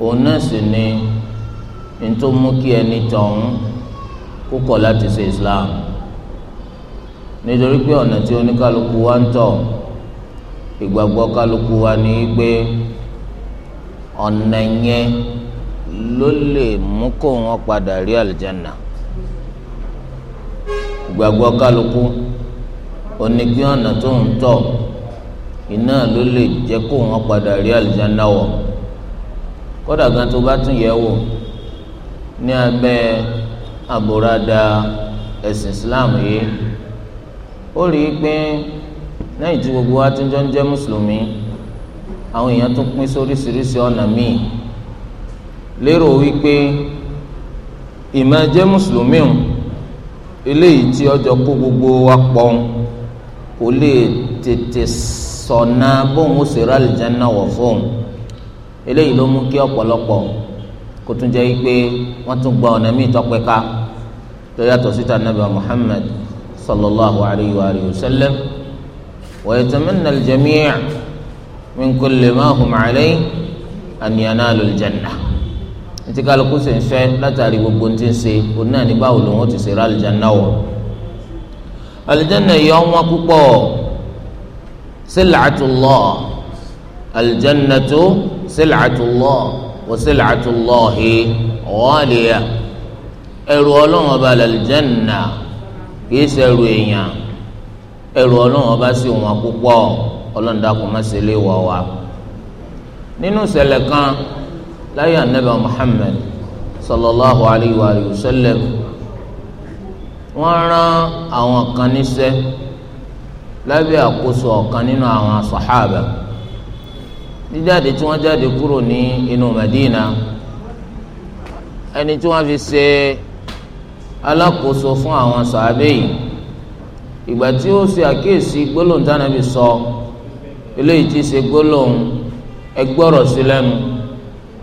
òun náà sì ni ntó mú kí ẹni tọ̀hún kúkọ̀ láti ṣe islam nítorí pé ọ̀nà tí oníkálukú wa ń tọ̀ ìgbàgbọ́ kálukú wa ni pé ọ̀nà yẹn ló lè mú kó wọn padà rí àlùjánnà ìgbàgbọ́ kálukú oníkí ọ̀nà tó ń tọ̀ iná ló lè jẹ́ kó wọn padà rí àlùjánnà wọ̀. kódà gan tó bá tún yẹ̀ wò ní abẹ́ àbúradà ẹ̀sìn islam yìí ó rí i pé lẹ́yìn tí gbogbo wa ti jọ ń jẹ́ mùsùlùmí àwọn èèyàn tó pín sóríṣiríṣi ọ̀nà míì lérò wípé ìmọ̀ jẹ́ mùsùlùmí o eléyìí tí ọjọ́ kó gbogbo wa pọ̀ kò lè tètè sọ̀nà bóun ó sì rálì jẹ́ náà wọ̀ fóun. eléyìí ló mú kí ọ̀pọ̀lọpọ̀ kó tún jẹ́ pé wọ́n tún gba ọ̀nà míì tọ́pẹ́ ká tó yàtọ̀ síta nàbì Muhammad sallallahu alayhi wa alihi wa sallam wa yatamanna al-jami' min kulli ma hum alayhi an yanalu al-janna ntí kálukú sì ń fẹ́ látàrí gbogbo ntí ń ṣe òun náà ní báwo lòun ó ti ṣe rà wọ̀ alìjáná yìí ọ̀wọ́n púpọ̀ sílàtúlọ̀ alìjáná tó sílàtúlọ́ wọ́sílàtúlọ́hì ọ̀ọ́lìyà ẹrù ọlọ́run ọba làlìjẹ́nà kìí ṣe ẹrù èèyàn ẹrù ọlọ́run ọba sì wọn púpọ̀ ọlọ́run dàkún má ṣe lè wọ̀ wá. nínú ìṣẹ̀lẹ̀ kan láyé anabi Muhammad sallallahu alayhi wa sallam wọ́n rán àwọn kan níṣẹ́ lábẹ́ àkóso ọ̀kan nínú àwọn sàhábà jíjáde tí wọ́n jáde kúrò ní inú Madina ẹni tí wọ́n fi ṣe alákòóso fún àwọn sàábé yìí ìgbà tí ó ṣe àkíyèsí gbólóhùn tánàbí sọ eléyìí ti ṣe gbólóhùn ẹgbọ́rọ̀ sí lẹ́nu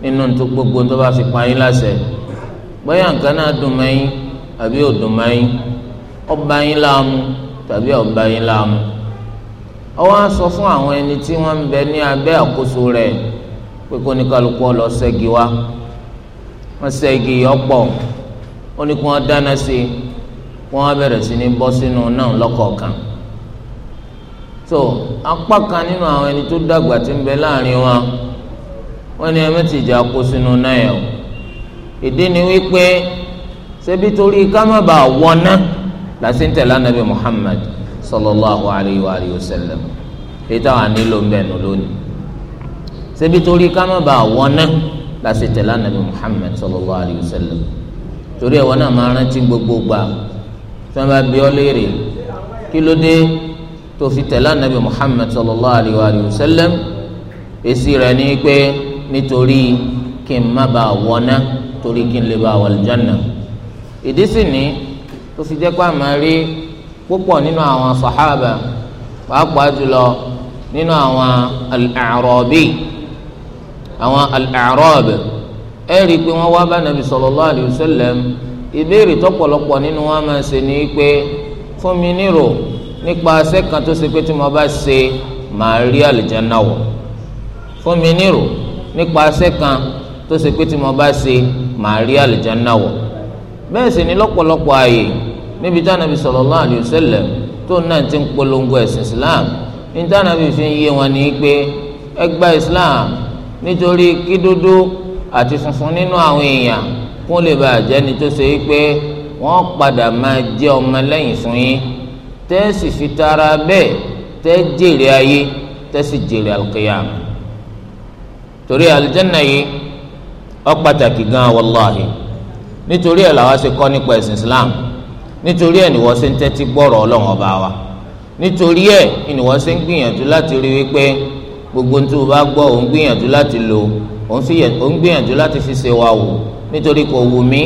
nínú tó gbogbo tó bá fi payín láṣẹ bóyá nǹkan náà dùn mẹ́yìn àbí ò dùn mẹ́yìn ọba yín láàmú tàbí ọba yín láàmú ọwọ́ á sọ fún àwọn ẹni tí wọ́n ń bẹ ní abẹ́ àkóso rẹ̀ pé kó ní kálukú ọlọ ṣẹ́gi wá wọ́n ṣẹ́gi ọ̀pọ̀ ó ní kí wọ́n dáná sí i kí wọ́n bẹ̀rẹ̀ sí ní bọ́ sínú náà lọ́kọ̀ọ̀kan tó apá kan nínú àwọn ẹni tó dàgbà tí ń bẹ láàrin wọn wọ́n ní ẹmẹ́ ti jà kó sínú náà yẹn o ìdí ni wípé ṣebí torí ká má bàa wọ́n ná làṣẹ ń tẹ̀lé ànábì Muhammad sallallahu alayhi wa alihi wa sallam ètò àwọn ànílò ń bẹnu lónìí ṣebí torí ká má bàa wọná láti tẹ̀lé anabi muhammed sallallahu alayhi wa sallam torí ẹ̀wọ̀n náà máa rántí gbogbo gbà tí wọ́n bá bí ọ léèrè kí ló dé tó fi tẹ̀lé anabi muhammed sallallahu alayhi wa èsì rẹ̀ ni pé nítorí kí n má bàa wọná torí kí n lè bàa wọ aljanna ìdí sì ni tó fi jẹ́ pé àmọ́ rí púpọ̀ nínú àwọn sàhábà pàápàá jùlọ nínú àwọn al-A'rabi àwọn al-A'rab ẹ rí i pé wọ́n wá bá nàbì sallallahu alayhi wa sallam ìbéèrè tọ́pọ̀lọpọ̀ nínú wọn máa ṣe ni pé fún mi nírò nípa iṣẹ́ kan tó ṣe pé tí mo bá ṣe màá rí àlùjánnà wọ̀ fún mi nírò nípa iṣẹ́ tó ṣe pé tí mo bá ṣe màá rí àlùjánnà wọ̀ bẹ́ẹ̀ sì ni lọ́pọ̀lọpọ̀ àyè níbi tí anabi sallallahu alayhi wa sallam tó náà ti ń polongo ẹ̀sìn islam níbi tí anabi fi ń yé wọn ní pé ẹgbà islam nítorí kí dúdú àti funfun nínú àwọn èèyàn kún lè bàa jẹ́ ni tó ṣe pé wọ́n padà máa jẹ́ ọmọ lẹ́yìn fún yín tẹ́sì fi tara bẹ́ẹ̀ tẹ́ jèrè ayé tẹ́sì jèrè alqiyam torí aljanna yìí ó pàtàkì gan-an wàláhì nítorí ẹ̀ làwọn ṣe kọ́ nípa ẹ̀sìn islam nítorí ẹ̀ nìwọ ṣe ń tẹ́tí gbọ́rọ̀ ọlọ́run ọba wa nítorí ẹ̀ ìnìwọ ṣe ń gbìyànjú láti rí wípé gbogbo ní tó o bá gbọ́ ò ń gbìyànjú láti lò ò ń gbìyànjú láti fi ṣe wa wò nítorí kò wù mí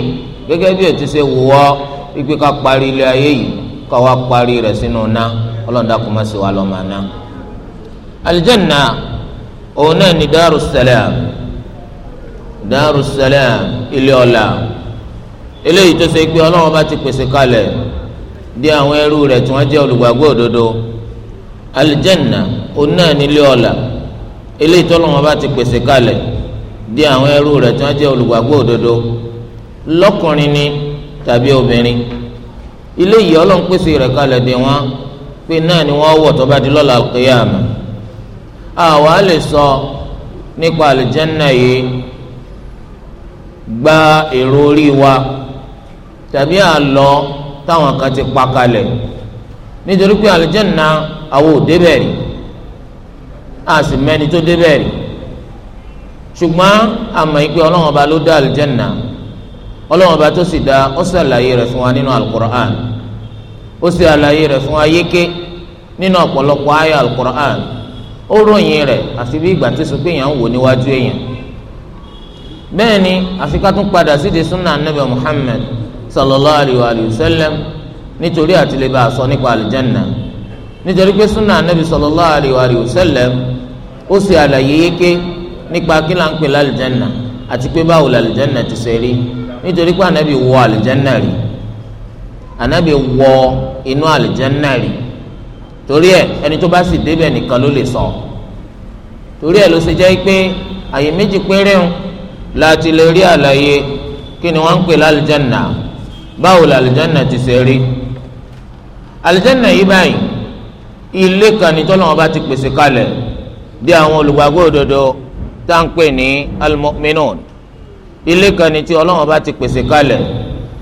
gẹ́gẹ́ bí o ti ṣe wù wọ́ wípé ká parí ilé ayé yìí ká wá parí rẹ̀ sínú ná ọlọ́run dákun má ṣe wa lọ́ọ́ máa ná. aljanna òun náà ni darussalam darussalam ilé ọ̀la eléyìí tó ṣe pé ọlọ́run bá ti pèsè kalẹ̀ di àwọn ẹrú rẹ̀ tí wọ́n jẹ́ olùgbàgbọ́ òdodo alìjẹ́nà òun náà nílé ọ̀la eléyìí tó ọlọ́run bá ti pèsè kalẹ̀ di àwọn ẹrú rẹ̀ tí wọ́n jẹ́ olùgbàgbọ́ òdodo lọ́kùnrin ni tàbí obìnrin ilé yìí ọlọ́run pèsè rẹ̀ kalẹ̀ di wọn pé náà ni wọ́n wọ̀ tó bá di lọ́la kéyàmù àwa lè sọ nípa alìjẹ́nà yìí gba èrò orí wa tàbí àlọ́ táwọn kan ti pa kalẹ̀ nítorí pé àlùjànnà àwọn ò débẹ̀ rí a sì mẹ́ni tó débẹ̀ rí ṣùgbọ́n àmọ́ ìpè ọlọ́wọ́n ọba ló dá àlùjànnà ọlọ́wọ́n ọba tó sì dá ó ṣàlàyé rẹ̀ fún wa nínú alukur'an ó sì àlàyé rẹ̀ fún wa yéké nínú ọ̀pọ̀lọpọ̀ ayé alukur'an ó ròyìn rẹ̀ àfi bí ìgbà tó sọ pé èèyàn ń wò níwájú èèyàn bẹ́ẹ̀ ni àfi sídìí sunnah anabi muhammed sallallahu alayhi wa sallam nítorí àtìlẹ́bà sọ nípa àlìjánná nítorí pé súnà anabi sallallahu alayhi wa sallam ó ṣe àlàyé yéké nípa kí là ń pè lálìjánná àti pé báwo lálìjánná ti ṣe rí nítorí pé anabi wọ àlìjánná rí anabi wọ inú àlìjánná rí torí ẹ ẹni tó bá sì débẹ̀ nìkan ló lè sọ torí ẹ ló ṣe jẹ́ pé àyè méjì péré ń láti lè rí àlàyé kí ni wọ́n ń pè lálìjánná báwo la alìjánà ti ṣe rí alìjánà yìí báyìí ilé kan ní tọ́lọ́wọ́n bá ti pèsè kalẹ̀ bí àwọn olùgbàgbọ́ òdodo tá à ń pè ní almu'minun ilé kan ní tí ọlọ́wọ́n bá ti pèsè kalẹ̀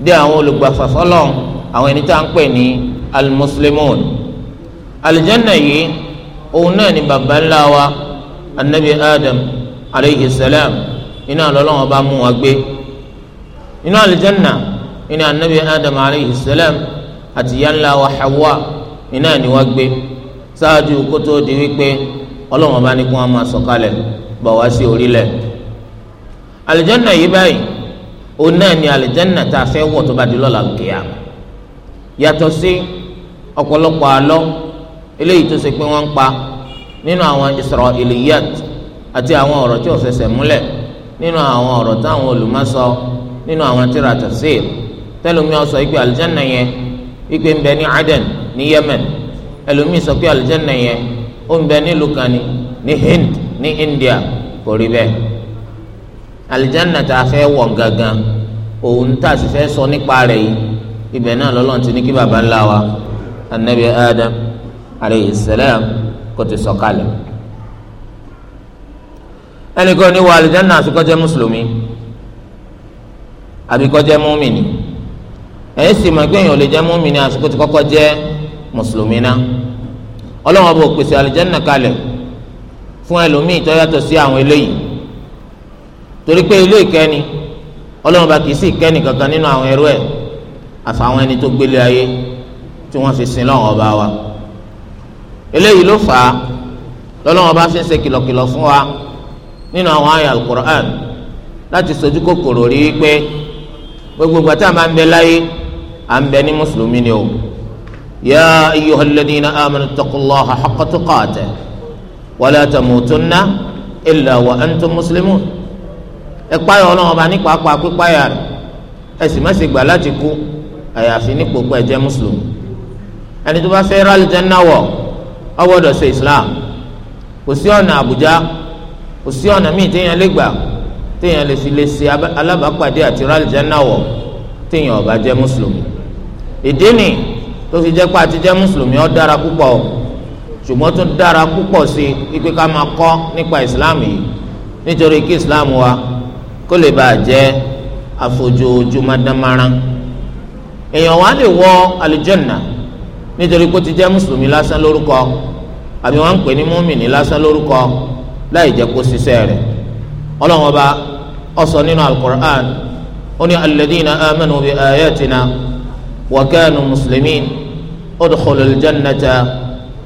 bí àwọn olùgbàfàfọ́lọ́ àwọn ẹni tá à ń pè ní almuslimun alìjánà yìí òun náà ni baba ńlá wa anabi adam aleyhi salam iná lọ́lọ́wọ́n bá mú wa gbé iná alìjánà ní anabi adam alayhi salam àti yánlá wa hawa iná ni wọ́n gbé ṣáájú kótó di wípé ọlọ́wọ́n bá ní kí wọ́n máa sọ̀kalẹ̀ bọ̀ wá sí orílẹ̀ alìjẹ́nà yìí báyìí òun náà ni alìjẹ́nà tá a fẹ́ wọ̀ tó bá di lọ́la kìá yàtọ̀ sí ọ̀pọ̀lọpọ̀ àlọ́ eléyìí tó ṣe pé wọ́n ń pa nínú àwọn israeliyat àti àwọn ọ̀rọ̀ tí ò fẹsẹ̀ múlẹ̀ nínú àwọn ọ̀rọ̀ táwọn olùmọ̀ sọ nínú àwọn tírà tafsir tẹlomi ọsọ ikpe alijanna yẹn ikpe ń bẹ ní Aden ní Yemen ẹlòmíì sọ pé alijanna yẹn ó ń bẹ ní lukani ní Hind ní India kò rí bẹ́ẹ̀ alijanna tá a fẹ́ gangan òun tá a sì fẹ́ sọ nípa rẹ̀ yìí ibẹ̀ náà lọ́lọ́run ti ní kí baba ńlá wa anabi Adam aleyhi salam kò ti sọ kalẹ̀ ẹnì kan ní wọ alijanna àfikọ́jẹ́ mùsùlùmí àfikọ́jẹ́ múmìnì ẹ̀yẹ́ sì máa gbẹ̀yìn ò lè jẹ́ múmi ní àsìkò tí kọ́kọ́ jẹ́ mùsùlùmí ná ọlọ́wọ́n bò pèsè àlùjánnà kalẹ̀ fún ẹlòmíì tó yàtọ̀ sí àwọn eléyìí torí pé ilé ìkẹ́ni ọlọ́wọ́n bá kì í sì kẹ́ni kankan nínú àwọn ẹrú ẹ̀ àfàwọn ẹni tó gbélé ayé tí wọ́n fi sin lọ́wọ́ ọba wa eléyìí ló fà á lọ́lọ́wọ́n bá fi ń ṣe kìlọ̀kìlọ̀ fún wa nínú àwọn àyà alukur'an láti sojú kòkòrò rí i pé gbogbo ìgbà tá à ń bẹ ní mùsùlùmí ni o yá ayyuhal ladhina amanu taqullaha haqqa tuqatihi wala tamutunna illa wa antum muslimun ẹ páyà Ọlọ́run ọba nípa apá pípáyà rẹ̀ ẹ sì má ṣe gbà láti kú àyàfi nípò pé tó bá fẹ́ rálì jẹ́ náwọ̀ ọ islam kò sí ọ̀nà àbújá kò sí ọ̀nà míì téèyàn lè gbà téèyàn lè fi lè ṣe alábàápàdé àti rálì jẹ́ téèyàn ọ̀bá jẹ́ mùsùlùmí ìdí nì tó fi jẹ́ pé àti jẹ́ mùsùlùmí ó dára púpọ̀ ṣùgbọ́n tún dára púpọ̀ sí ipe ká máa kọ́ nípa ìsìláàmù yìí nítorí kí ìsìláàmù wa kó lè bàa jẹ́ àfojoojúmọ́ dánmárán èèyàn wa lè wọ àlùjánnà nítorí kó ti jẹ́ mùsùlùmí lásán lórúkọ àbí wọ́n ń pè ní múmìnì lásán lórúkọ láì jẹ́ kó ṣiṣẹ́ rẹ̀ ọlọ́run ọba ó sọ nínú alukur'an ó ní alladhina amanu bi ayatina. وكانوا مسلمين ادخلوا الجنة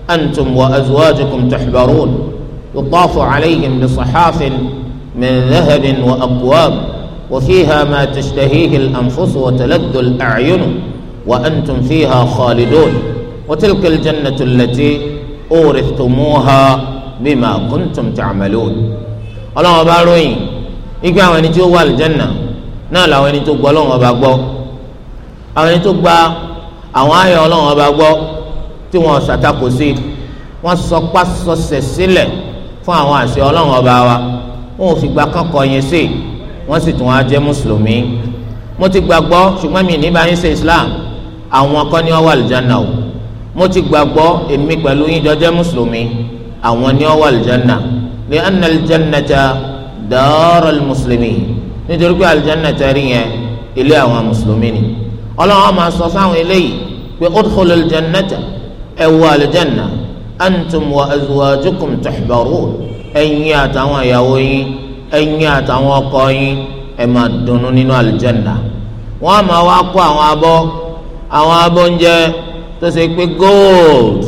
أنتم وأزواجكم تحبرون يطاف عليهم بصحاف من ذهب وأكواب وفيها ما تشتهيه الأنفس وتلذ الأعين وأنتم فيها خالدون وتلك الجنة التي أورثتموها بما كنتم تعملون الله أبا روين إقامة نتيو والجنة نالا ونتيو قولون àwọn ẹni tó gba àwọn ayọ̀ ọlọ́run ọba gbọ́ tí wọ́n ṣàtakò sí wọ́n sọpá sọsẹ̀ sílẹ̀ fún àwọn àṣẹ ọlọ́run ọba wa wọn ò fìgbà kankan yẹn sí wọ́n sì tún wá jẹ́ mùsùlùmí mo ti gbàgbọ́ ṣùgbọ́n mi ní bá yín ṣe islam àwọn kan ní ó wà àlùjáná o mo ti gbàgbọ́ èmi pẹ̀lú yín jọ jẹ́ mùsùlùmí àwọn ní ó àlùjáná ní anna aljannata dara almuslimin nítorí pé àlùjáná tẹ̀rí yẹn ilé àwọn mùsùlùmí ni ọlọ́run máa sọ fáwọn eléyìí pé udkhulu al-jannata ẹ wọ àlùjànnà antum wa azwajukum tuhbarun ẹ̀yin àtàwọn ìyàwó yín ẹ̀yin àtàwọn ọkọ yín ẹ máa dunnú nínú àlùjànnà wọ́n á máa wá kó àwọn abọ́ àwọn abọ́ oúnjẹ tó ṣe pé gold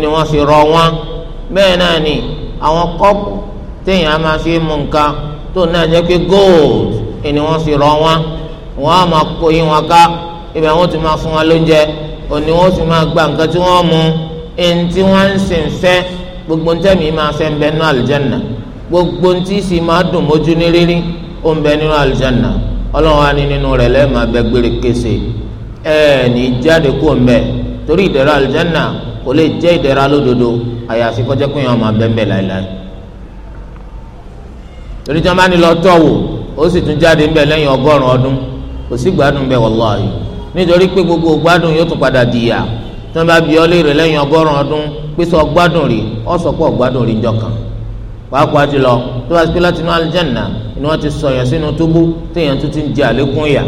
ni wọ́n fi rọ wọ́n bẹ́ẹ̀ náà ni àwọn kọ́pù téèyàn máa fi mú nǹkan tó náà jẹ́ pé gold ni wọ́n fi rọ wọ́n wọ́n á máa kó yín wọn ká ibẹ̀ wọ́n ti máa fún wọn lóúnjẹ òní wọ́n ti máa gba nǹkan tí wọ́n mú ẹni tí wọ́n ń sìn fẹ́ gbogbo ntẹ́mi máa fẹ́ ń bẹ nínú àlùjánnà gbogbo ntí sì máa dùn mójú ní rírí ó ń bẹ nínú àlùjánnà ọlọ́run á ní nínú rẹ̀ lẹ́ẹ̀ máa bẹ gbére kése ẹ̀ ní jáde kó ń bẹ torí ìdẹ̀ra àlùjánnà kò lè jẹ́ ìdẹ̀ra lódodo àyàfi kọjá pé yẹn máa bẹ́ẹ̀ bẹ́ẹ̀ láéláé torí tí wọ́n lọ tọ́wò ó sì tún jáde ń bẹ lẹ́yìn ọgọ́rùn-ún ọdún kò sí gbádùn bẹ́ẹ̀ wọ́láhì nítorí pé gbogbo gbádùn yóò tún padà di ìyà tí wọn bá bi ọ́ léèrè lẹ́yìn ọgọ́rùn ọdún pé sọ gbádùn rí ọ sọ pé ọgbádùn rí jọ kan pàápàá jùlọ tó bá ti pé láti inú aljanna ni wọn ti sọ yẹn sínú túbú téèyàn tún ti ń jẹ àlékún ìyà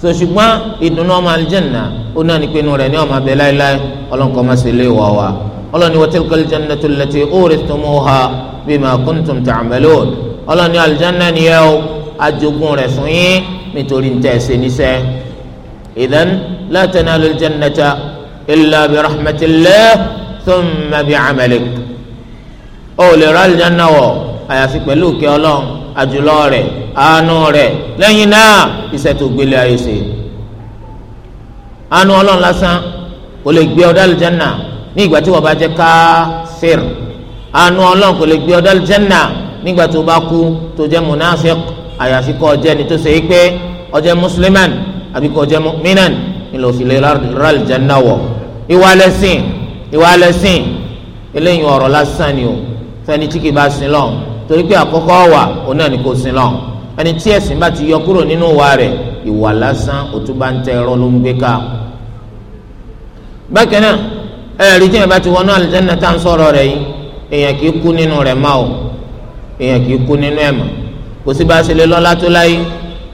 so ṣùgbọ́n ìdùnnú ọmọ aljanna ó náà ní pé inú ní ọmọ abẹ láéláé ọlọ́nkọ́ máa ṣe lé wọ̀ wa ọlọ́ni aljanna ni إذن لا تنال الجنة إلا برحمة الله ثم بعملك ó lè ra aljanna wọ̀ àyàfi pẹ̀lú kí Ọlọ́run àjùlọ rẹ̀ àánú rẹ̀ lẹ́yìn náà iṣẹ́ tó gbélé ayé ṣe àánú Ọlọ́run lásán kò lè gbé ọdọ aljanna ní ìgbà tí wọ́n bá jẹ́ káfíìr àánú Ọlọ́run kò lè gbé ọdọ aljanna nígbà tó bá kú tó jẹ́ munafiq àyàfi kó jẹ́ ni tó ṣe é pé ó jẹ́ musliman àbí kò jẹ́ mu'minan ni lò fi lè rálì jẹ́nà wọ̀ ìwà lẹ́sìn ìwà lẹ́sìn eléyìí ọ̀rọ̀ lásán ni o fẹ́ni tí kì bá sin lọ́n torí pé àkọ́kọ́ wà òun náà ni kò sin lọ́n ẹni tí ẹ̀sìn bá ti yọ kúrò nínú wa rẹ̀ ìwà lásán òtún bá ń tẹ ẹ̀rọ ló ń gbé ká. bákan náà ẹ̀rí tí èèyàn bá ti wọnú àlùjánnà tá à ń sọ̀rọ̀ rẹ̀ yìí èèyàn kì í kú nínú rẹ̀ má o èèyàn kì í kú nínú ẹ̀ kò sí bá a ṣe lè lọ́lá tó láyé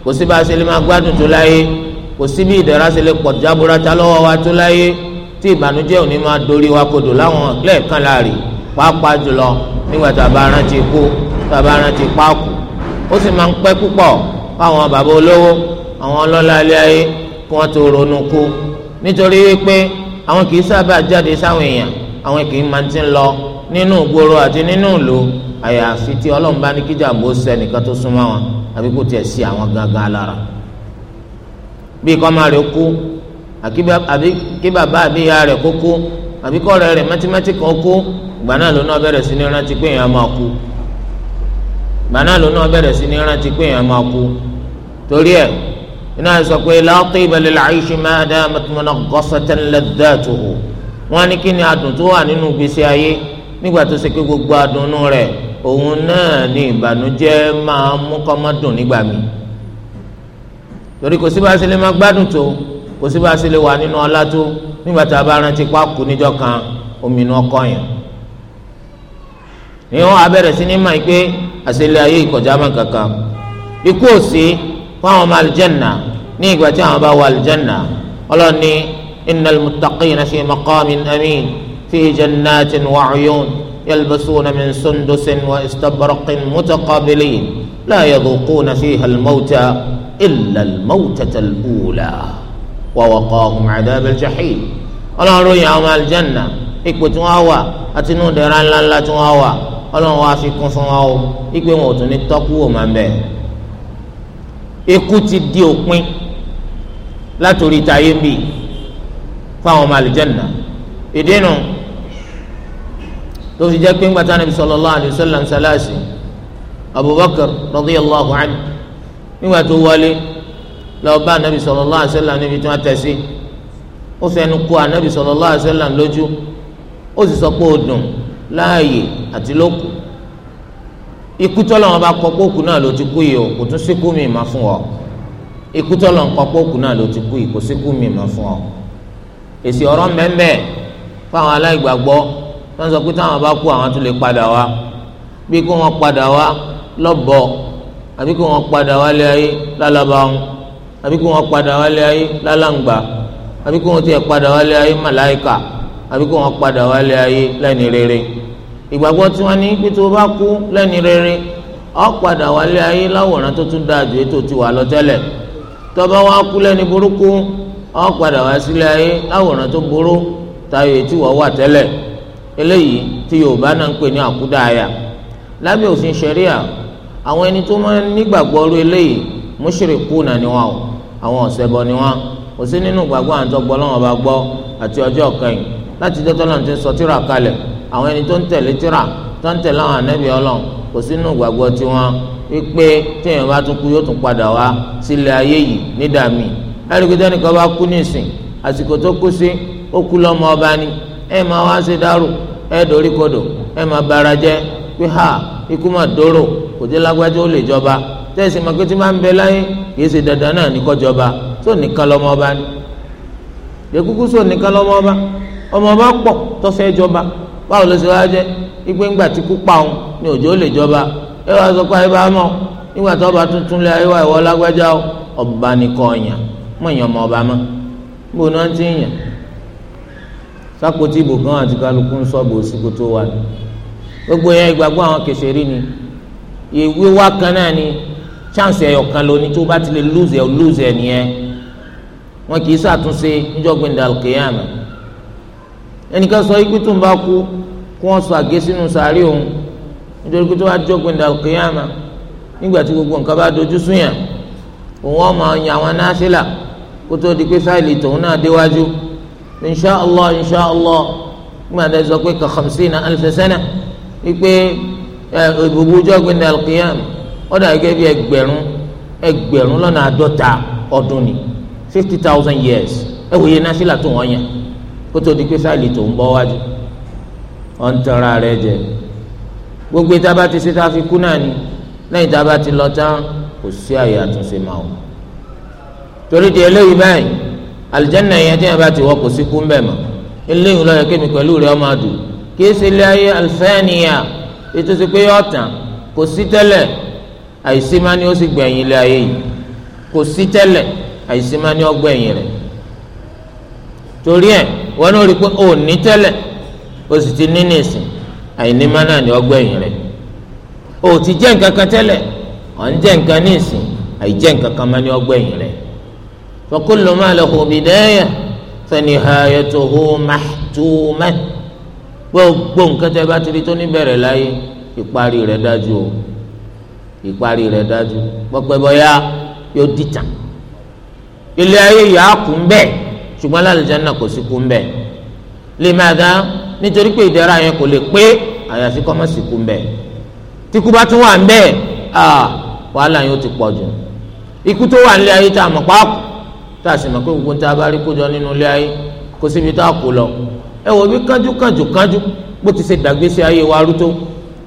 kò sí bá a ṣe lè máa gbádùn tó láyé kò sí bí ìdẹ̀ra ṣe lè pọ̀ jaburata lọ́wọ́ wa tó láyé tí ìbànújẹ́ òní máa dorí wa kodò láwọn lẹ́ẹ̀kan láàrin pàápàá jùlọ nígbà tá a bá rántí kú tá a bá rántí pákó ó sì máa ń pẹ́ púpọ̀ fáwọn bàbá olówó àwọn ọlọ́lá ilé ayé kí wọ́n tó ronú kú nítorí wípé àwọn kì í sábà jáde sáwọn èèyàn àwọn kì í máa ti ń lọ nínú ìgboro àti nínú ìlú àyàfi tí ọlọ́run bá ní kíjà bó sẹ́nìkan tó súnmọ́ wọn àbí kò tiẹ̀ sí àwọn gangan lára bí kọ́má rẹ̀ kú àbí kí bàbá àbí ìyá rẹ̀ kó kú àbí kọ́rẹ́ rẹ̀ mẹ́tímẹ́tí kan kú ìgbà náà ló náà bẹ̀rẹ̀ sí ní rántí pé èèyàn máa kú ìgbà náà ló náà bẹ̀rẹ̀ sí ní rántí pé èèyàn máa kú torí ẹ̀ iná sọ pé láàtọ̀ ìbẹ̀lẹ̀ làáyíṣẹ́ máa dá mẹ́tìmọ́nà gọ́sẹ̀tẹ̀ lẹ́dẹ́ẹ̀tò wọn ní kí ni adùn tó wà nínú gbèsè ayé nígbà tó ṣe pé gbogbo adùnnú rẹ̀ òun náà ní ìbànújẹ́ máa mú kọ́mọ́dùn nígbà míì torí kò sí bá a ṣe lè máa gbádùn tó kò sí bá a ṣe lè wà nínú ọlá tó nígbà tá a bá rántí pákó níjọ kan omi inú ọkọ yẹn ni wọn abẹrẹ sí ní máa pé àṣẹlẹ ayé ìkọjá máa kankan ikú òsì fún àwọn ọmọ alìjẹnà ní ìgbà tí àwọn bá wọ alìjẹnà ọlọ́ni innal muttaqina fi maqamin amin fi jannatin wa uyun yalbasuna min sundusin wa istabraqin mutaqabilin la yadhuquna fiha al-mawta illa al-mawtata al-ula wa waqahum adhab al-jahim ọlọ́run yìí àwọn aljanna ipò tí wọ́n wà àti inú dẹ̀ra ńláńlá tí wọ́n wà ọlọ́run wá fi kún fún wọn o ipe wọn ò tún ní tọ́kú wò máa bẹ̀. ikú ti di òpin látòrí táyé ń fáwọn ọmọ aljanna ìdí nu tó fi jẹ́ pé ńgbàtà Nabi sallallahu alaihi wasallam ṣaláṣí abubakar radiyallahu anhu nígbà tó wọlé lọ bá anabi sallallahu alaihi wasallam níbi tí wọ́n tẹ̀ sí ó fẹnu kó anabi sallallahu alaihi wasallam lójú ó sì sọ pé ó dùn láàyè àti lókù ikú tọ́lọ̀ wọn bá kọ pókù náà ló ti kú yìí o kò tún síkú mi mà fún ọ ikú tọ́lọ̀ ń kọ pókù náà ló ti kú yìí kò síkú mi mà fún ọ èsì ọ̀rọ̀ mẹ́mẹ́ fáwọn aláìgbàgbọ́ wọ́n sọ pé táwọn bá kú àwọn tún lè padà wá bí kò wọ́n padà wá lọ́bọ àbí kí wọ́n padà wálé ayé lálàbàwọn àbí kí wọ́n padà wálé ayé lálàǹgbà àbí kí wọ́n tiẹ̀ padà wálé ayé màláìkà àbí kí wọ́n padà wálé ayé lẹ́ni rere ìgbàgbọ́ tí wọ́n ní pé tó bá kú lẹ́ni rere ó padà wálé ayé láwòrán tó tún dáa ju ètò tí wà lọ tẹ́lẹ̀ tó bá wá kú lẹ́ni burúkú ó padà wá sílé ayé láwòrán tó burú táyọ̀ ètí wọ́n wà tẹ́lẹ̀ eléyìí tí Yorùbá náà ń pè ní àkúdàáyà lábẹ́ òfin ṣẹ̀ríà àwọn ẹni tó máa ń nígbàgbọ́ ru eléyìí mushrikuna ni wọn o àwọn ọ̀sẹ̀bọ ni wọn kò sí nínú gbàgbọ́ àwọn tó gbọ́ lọ́wọ́ bá gbọ́ àti ọjọ́ kẹyìn láti dọ́tọ́ náà ti sọ tíra kalẹ̀ àwọn ẹni tó ń tẹ̀lé tíra tó ń tẹ̀lé àwọn ànábì ọlọ́run kò sí nínú gbàgbọ́ tiwọn wípé téèyàn bá tún kú yóò tún padà wá sílé ayé yìí nídàmí ẹ̀ríkìtẹ́ nìkan bá kú nísìn àsìkò tó kú sí ó kú lọ́mọ ọba ni ẹ máa wá ṣe dárò ẹ dorí kodò ẹ máa bara jẹ pé ha ikú mà dóró kò jẹ́ lágbájá ó lè jọba tẹ́sí ma pé tí máa ń bẹ láyé kì í ṣe dandan náà ní jọba tó nìkan lọ́mọ ọba ni yẹkúkú sọ nìkan lọ́mọ ọba ọmọ ọba pọ̀ tó fẹ́ jọba báwo ló ṣe wá jẹ́ ipe ńgbà tí kú pa òun ni òjò ó lè jọba ẹ wá sọ pé ayé bá mọ̀ nígbà tó ọba tuntun lé ayé wá ìwọ lágbájá ọba nìkan ọ̀yàn mọ̀ èèyàn ọmọ ọba mọ́ bó náà ti ń yàn sápò tí ibò àti kálukú ń sọ ìwé wa kan náà ni chance ẹyọ kan lóni tó bá ti lè lose ẹ lose ẹ nìyẹn wọn kì í ṣàtúnṣe níjọgbìn dàlùkìyàmù ẹnìkan sọ ikú tó ń bá kú kó wọn sọ àgé sínú sàárè òun nítorí pé tó bá jọgbìn dàlùkìyàmù nígbà tí gbogbo nǹkan bá dojú sún yàn òun ọmọ ọyàn àwọn náṣẹlà kó tó di pé fáìlì tòun náà déwájú inṣàlọ inṣàlọ nígbà sọ pé kà khamsina alf sana wípé ìbùbù jọ́gbìn ní alqiyam ó dà gẹ́gẹ́ bí ẹgbẹ̀rún ẹgbẹ̀rún lọ́nà àádọ́ta ọdún ni fifty thousand years ẹ wòye náfìlà tó wọ́n yàn kó tó di pé fáìlì tó ń bọ́ wájú ọ̀ ń tanra rẹ jẹ gbogbo ìta ti ṣe tá fi kú náà ni lẹ́yìn tá a bá ti lọ tán kò sí àyè àtúnṣe máa wò torí di eléyìí báyìí alìjẹ́nà yẹn tí yẹn bá ti wọ̀ kò sí kú ń bẹ̀ mọ́ eléyìí lọ́yọ̀ kémi pẹ̀lú rẹ̀ ọmọ àdùn kí ẹ ṣe ilé ayé alfẹ́niyà ètò ìsìnkú yọ ọ̀tàn kò sí tẹ́lẹ̀ àìsí máa ní ó sì gbẹ̀yìn ilé ayé yìí kò sí tẹ́lẹ̀ àìsí máa ní ó gbẹ̀yìn rẹ̀ torí ẹ̀ wọn náà rí i pé ò ní tẹ́lẹ̀ o sì ti ní nìsín àìní máa ó gbẹ̀yìn rẹ̀ o ti jẹ́ nǹkan kan tẹ́lẹ̀ ọ̀ ń jẹ́ nǹkan nìsín àìjẹ́ nǹkan kan máa ní ó gbẹ̀yìn rẹ̀ fa kullu ma lahu bidaya fa nihayatuhu mahtumah gbogbo nǹkan tẹ́ bá ti rí tó ní bẹ̀rẹ̀ láyé ìparí rẹ̀ dájú o ìparí rẹ̀ dájú pọpẹ bọyá yóò dìtàn ilé ayé yà á kú mbẹ ṣùgbọ́n lálùjáná kò sí kú mbẹ lè má dá nítorí pé ìdára yẹn kò lè pé àyàfi kọ́ mọ́ sí kú mbẹ tíkú bá tún wà mbẹ wàhálà yóò ti pọ̀ jù ikú tó wà nílé ayé tá a mọ̀ pàápù tá a sì mọ̀ pé gbogbo ń tá a kó jọ nínú ilé ayé kó síbi tá a kú lọ ẹ wò bí kánjú kánjú kánjú bó ti ṣe dàgbésí ayé wa rú tó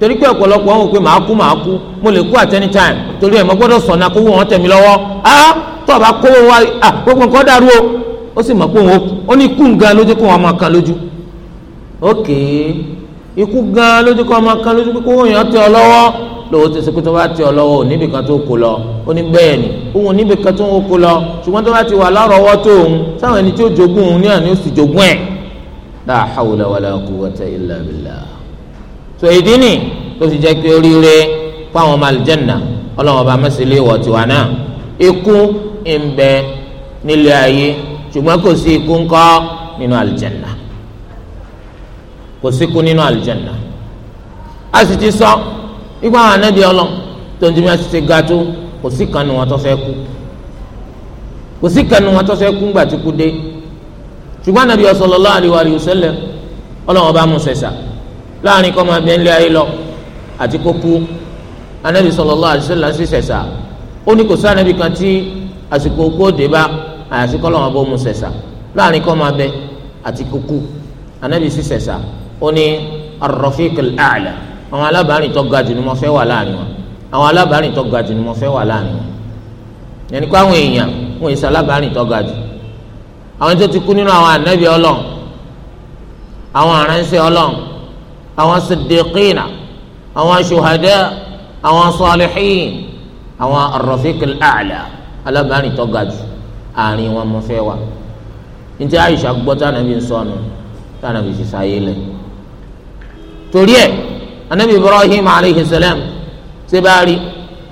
torí pé ọ̀pọ̀lọpọ̀ wọn ò pé màá kú màá kú mo lè kú at any time torí ẹ̀ mo gbọ́dọ̀ sọ̀nà kó wọn tẹ̀mí lọ́wọ́ á tó o bá kó wọn wá à gbogbo nǹkan dàrú o ó sì mọ̀ pé òun ó ní ikú gan lójú kó wọn máa kan lójú ok ikú gan lójú kó wọn máa kan lójú pé kó wọn yàn tẹ ọ lọ́wọ́ lọ́wọ́ tó pé tó bá tẹ ọ lọ́wọ́ níbi kan tó kó lọ ó ní bẹ́ẹ̀ ni òun níbi kan tó ń kó lọ ṣùgbọ́n tó bá ti wà lárọ̀ọ́wọ́ tó òun sáwọn ẹni tí ó jogún òun ní àná ó sì jogún ẹ̀ la hawla wala quwwata illa billah so èdè ni tó fi jẹ́ pé oríire fáwọn ọmọ alìjẹ́nà ọlọ́wọ́n ọba mẹ́sìlẹ̀ wọ̀ tiwa náà ikú ń bẹ nílé ayé ṣùgbọ́n kò sí ikú ńkọ́ nínú alìjẹ́nà kò síkú nínú alìjẹ́nà a sì ti sọ ipá àwọn anábì ọlọ tó ń dimi àti ti ga tó kò sí kan wọn tó fẹ́ kú kò sí kan wọn tó fẹ́ kú ńgbà tó kú dé ṣùgbọ́n anabi sallallahu alaihi wa sallam ọlọ́wọ́n bá mú sẹ̀sà láàrin kọ́ máa bẹ́ẹ̀ lé ayé lọ àti kó kú anabi sallallahu alaihi wa sallam sí sẹ̀sà ó ní kò sí anabi kan tí àsìkò gbóde bá àyàsí kọ́ lọ́wọ́n bó mú sẹ̀sà láàrin kọ́ máa bẹ́ẹ̀ àti kó kú anabi sí sẹ̀sà ó ní ar-rafiq àwọn alábàárìn tó ga jù ni mo fẹ́ wà láàrin wọn àwọn àwọn tó ti kú nínú àwọn ànábì Ọlọ́run àwọn aránṣẹ́ Ọlọ́run àwọn siddiqina àwọn shuhada àwọn salihin àwọn arrafiqil a'la alábàárìn tó ga jù àárín wọn mo fẹ́ wà níta Aisha gbọ́ tànàbí sọnù tànàbí sísá yé lẹ torí ẹ anabi Ibrahim aleyhi salam ṣe bá rí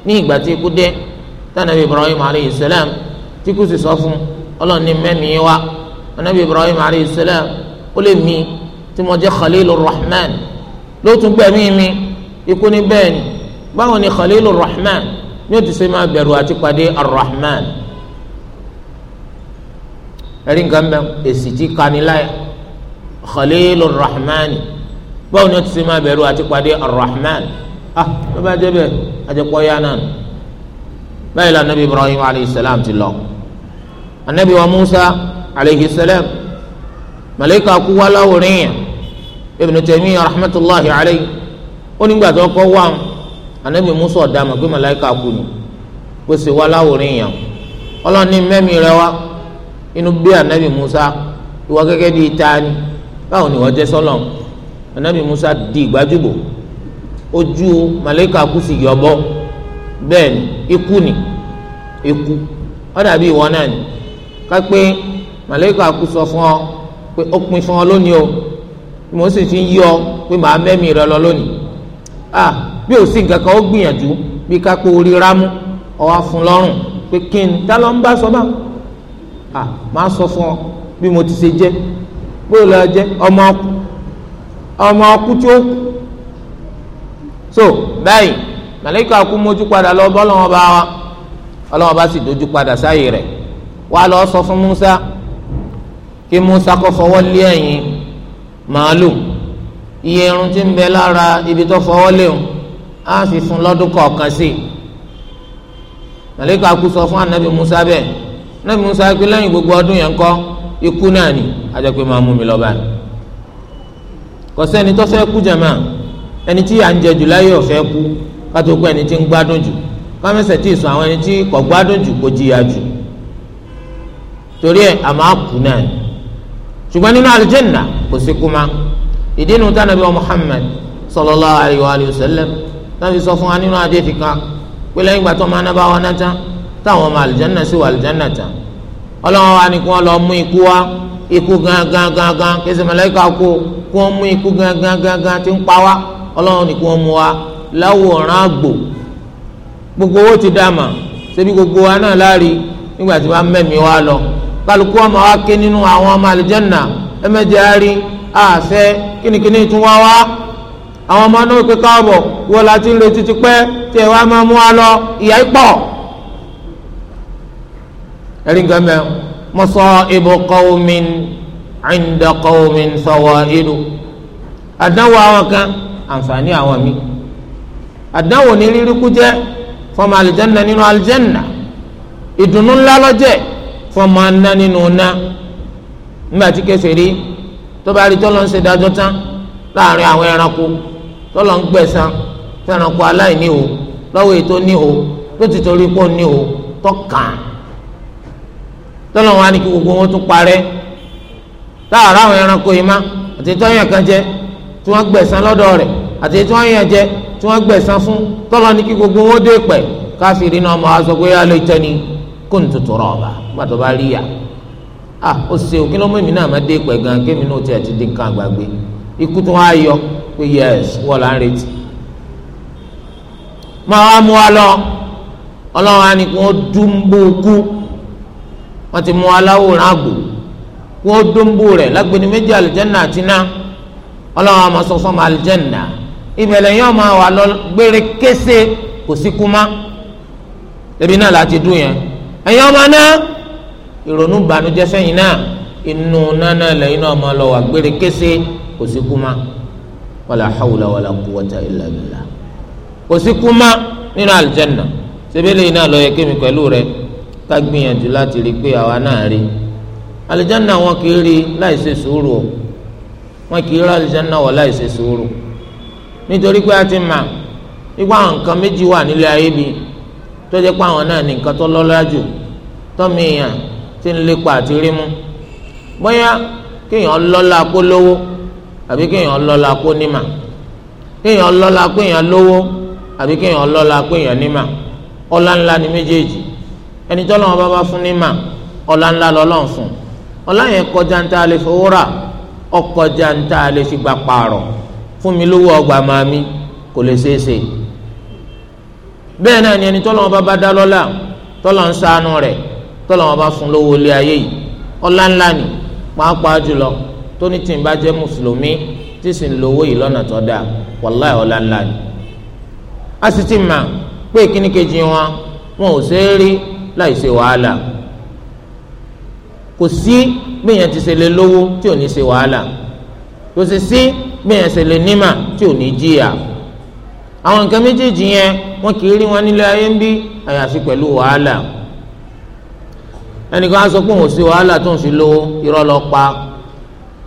ní ìgbà tí ikú dé tànàbí Ibrahim aleyhi salam tí kú sì sọ fún un ọlọ́ọ̀ni mẹ́ni wa anabi ibrahim alayhi salam ó lè mi tí mo jẹ́ khalilu rahman lótú gbẹ̀mí mi ikú ni bẹ́ẹ̀ ni báwo ni khalilu rahman ní o ti ṣe máa bẹ̀rù àti pàdé arrahman ẹ̀rí nǹkan bẹ́ẹ̀ èsì tí kaniláyà khalilu rahman báwo ni o ti ṣe máa bẹ̀rù àti pàdé arrahman ah ló bá jẹ́ bẹ́ẹ̀ àjẹpọ̀ yánà báyìí la anabi ibrahim alayhi salam ti lọ anabi wa musa alayhi salam malayika kú wa láwòrán yẹn ibn taymiyyah rahmatulahi alayhi ó nígbà tó kọ́ wá anabi musa ọ̀dà mà pé malayika kú ni kó sì wá láwòrán yẹn ọlọ́ni mẹ́mi rẹ wá inú bí anabi musa ìwọ gẹ́gẹ́ bíi taani báwo ni wọ́n jẹ́ sọ́lọ́n anabi musa di ìgbájúbò ojú malayika kú sì yọ bọ́ bẹ́ẹ̀ ni ni ikú ó dàbí ìwọ náà ni kápé màlẹ́kà kú sọ fún ọ pé ó pin fún ọ lónìí o mo sì fi yí ọ pé màá mẹ́mí rẹ lọ lónìí ah bí ò sí nǹkan kan ó gbìyànjú bí kápé orí rámú ọwọ́ fún lọ́rùn pé kí n ta ló ń bá sọ báà ah màá sọ fún ọ bí mo ti ṣe jẹ bóyá lọ jẹ ọmọ ọkù ọmọ ọkù tí ó kù so báyìí màlẹ́kà kú mójú padà lọ bọ́ lọ́wọ́ bá wa ọlọ́wọ́ bá sì dojú padà sáyé rẹ̀. wà lọ sọ fún Musa kí Musa kọ fọwọ́ lé ẹ̀yìn màálù iye irun tí ń bẹ lára ibi tó fọwọ́ léwu á sì fún lọ́dún kọ̀ọ̀kan sí màlẹ́kà kú sọ fún anabi Musa bẹ́ẹ̀ anabi Musa pé lẹ́yìn gbogbo ọdún yẹn kọ́ ikú náà ni ajẹ́ pé máa mú mi lọ́ba ni kò sẹ́ni tó fẹ́ kú jẹ̀mọ́ ẹni tí à ń jẹ jù láyé ọ̀fẹ́ kú kátó pé ẹni tí ń gbádùn jù kámẹ́sẹ̀ tí ì sùn àwọn ẹni tí kò gbádùn jù kò jìyà jù. torí ẹ̀ àmọ́ àkú náà ni ṣùgbọ́n nínú aljanna kò sí kú ma ìdí nu tánàbí wa Muhammad sallallahu alayhi wa sallam tánàbí sọ fún wa nínú adé ti kan pé lẹ́yìn ìgbà tó máa ná bá wa ná tán táwọn ọmọ aljanna sí wa aljanna tán ọlọ́wọ́n wa ni kí wọ́n lọ mú ikú wa ikú gangan gangan kí ẹsẹ̀ mọ̀lẹ́kà kú kí wọ́n mú ikú gangan gangan tí ń pa wa ọlọ́wọ́n ni kí wọ́n mú wa láwòrán àgbò gbogbo owó ti dá mà ṣebí gbogbo wa náà láàrí nígbà tí wọ́n mẹ́mí wa lọ kálukú ọmọ wa ké nínú àwọn ọmọ àlùjànnà ẹmẹjẹ ari àṣẹ kínníkínní tún wá wá àwọn ọmọ náà pé káàbọ̀ wọ́n la ti ń retí ti pẹ́ tí ẹ wá máa mú wa lọ ìyá ìpọ̀ ẹ̀rí nǹkan mẹ́ masaibu qawmin inda qawmin fawaidu àdánwò àwọn kan àǹfààní àwọn mi àdánwò ní rírí kú jẹ́ fọmọ àlùjànnà nínú àlùjànnà ìdùnnú ńlá lọ́jẹ́ fọmọ aná nínú ọ̀nà nígbà tí kèfèrí tó bá rí tọ́lọ́ ń ṣe dájọ́ láàrin àwọn ẹranko tọ́lọ́ ń gbẹ̀san fẹ́ranko aláìní o lọ́wọ́ ètò ní o ló ti torí pọ̀ ní o tọ́kàn tọ́lọ́ wọn ní kí gbogbo wọn tún parẹ́ láàrin àwọn ẹranko yìí àti kan tí wọ́n gbẹ̀san lọ́dọ̀ àti tí jẹ tí wọn dé pẹ̀ káfíìrì náà kuntu turaba nígbà tó bá rí yà á ó ṣe òkè lọ́mọ èmi náà má dé pẹ̀ gan kémi náà tiẹ̀ ti di nǹkan àgbàgbé ikú tó wá yọ pé yẹs wọ́n là ń retí máa wá mú wa lọ ọlọ́run á ní kí wọ́n dúnbó kú wọ́n ti mú aláwòrán àgbò kí wọ́n dúnbó rẹ̀ lágbẹ̀ni méjì àlùjẹ́nà àti iná ọlọ́run àmọ́ sọ́sọ́ máa àlùjẹ́nà ìbẹ̀lẹ̀ yẹn máa wà lọ gbére kése kò sí kú má ebi náà láti dún yẹn ẹ̀yin ọmọ náà ìrònú ìbànújẹ́ sẹ́yìn náà inú nánà lẹ́yìn náà máa lọ wà gbére kése kò sí kú ma wàlà hawla wàlà quwwata illa billah kò sí kú ma nínú àlùjẹ́nà sebele iná lọ yẹ kémi pẹ̀lú rẹ ká gbìyànjú láti rí pé àwa náà rí àlùjẹ́nà wọn kì í rí láì ṣe sùúrù o wọn kì í rí àlùjẹ́nà wọ láì ṣe sùúrù nítorí pé a ti mà nígbà nǹkan méjì wà nílé ayé bíi tó jẹ́ pé àwọn náà ní nǹkan tó lọ́lá jù tọ́mi èèyàn ti ń lépa àti rí mú bóyá kéèyàn lọ́lá kó lówó àbí kéèyàn lọ́lá kó nímà kéèyàn lọ́lá kéèyàn lówó àbí kéèyàn lọ́lá kéèyàn nímà ọlá ńlá ni méjèèjì ẹni tọ́lọ́ wọn bá bá fún nímà ọlá ńlá lọ́lọ́run fún ọlá yẹn kọjá ń tá lè fowó rà ọkọjá ń tá lè fi gbà pààrọ̀ fún mi lówó ọgbà màmí kò lè ṣeé ṣe bẹ́ẹ̀ náà ni ẹni tọ́lọ́wọ́n bá bá dá lọ́lá tọ́lọ́ ń ṣàánú rẹ̀ tọ́lọ́wọ́n bá fún lówó ilé ayé yìí ọlá ńlá ni pàápàá jùlọ tó ní tìǹbà jẹ́ mùsùlùmí tí sì ń lówó yìí lọ́nà tó dáa wàláì ọlá ńlá ni. a sì ti mà pé kíní kejì wọn wọn ò ṣeé rí láì ṣe wàhálà kò sí gbìyànjú ti ṣe lè lówó tí ò ní ṣe wàhálà kò sì sí gbìyànjú ṣe lè nímà tí ò ní jìyà àwọn nǹkan méjèèjì yẹn wọn kì í rí wọn nílé ayé ń bí àyàfi pẹ̀lú wàhálà ẹnìkan á sọ pé òun ò sí wàhálà tó ń fi lówó irọ́ lọ pa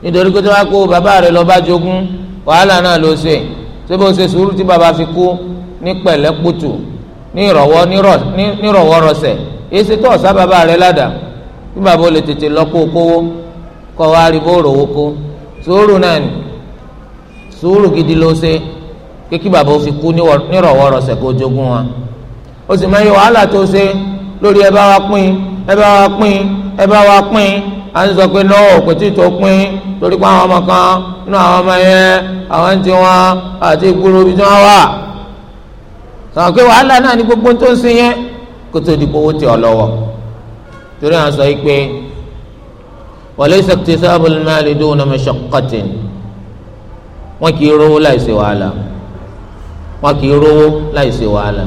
nítorí pé tó bá kó bàbá rẹ̀ lọ bá jogún wàhálà náà ló ṣe ṣé bó ṣe sùúrù tí bàbá fi kú ní pẹ̀lẹ́kùtù ní ìrọ̀wọ́ nírọ̀wọ́ rọsẹ̀ èyí ṣe tó ọ̀sá bàbá rẹ̀ ládàá bí bàbá ò lè tètè lọ kó kówó kọ́ wa rí bó rò wó kó sùúrù náà ni sùúrù gidi ló ṣe pé kí bàbá ó fi kú nírọ̀wọ́rọ̀sẹ̀ kó jogún wọn ó sì máa ń yọ wàhálà tó ṣe lórí ẹ bá wa pín ẹ bá wa pín ẹ bá wa pín à ń sọ pé lọ́wọ́ kò tí ì tó pín torí pé àwọn ọmọ kan nínú àwọn ọmọ yẹn àwọn ń ti wọn àti ìgboro ibi tí wọ́n wà sọ̀rọ̀ pé wàhálà náà ní gbogbo tó ń sin yẹn kó tó di kówó tì ọ́ lọ́wọ́ torí àwọn sọ pé wọlé sèkìtì sábàlì máa lè dóhùn náà mẹ́sàkọ́tì wọn kì í rówó láì ṣe wàhálà wọn kì í rówó láì ṣe wàhálà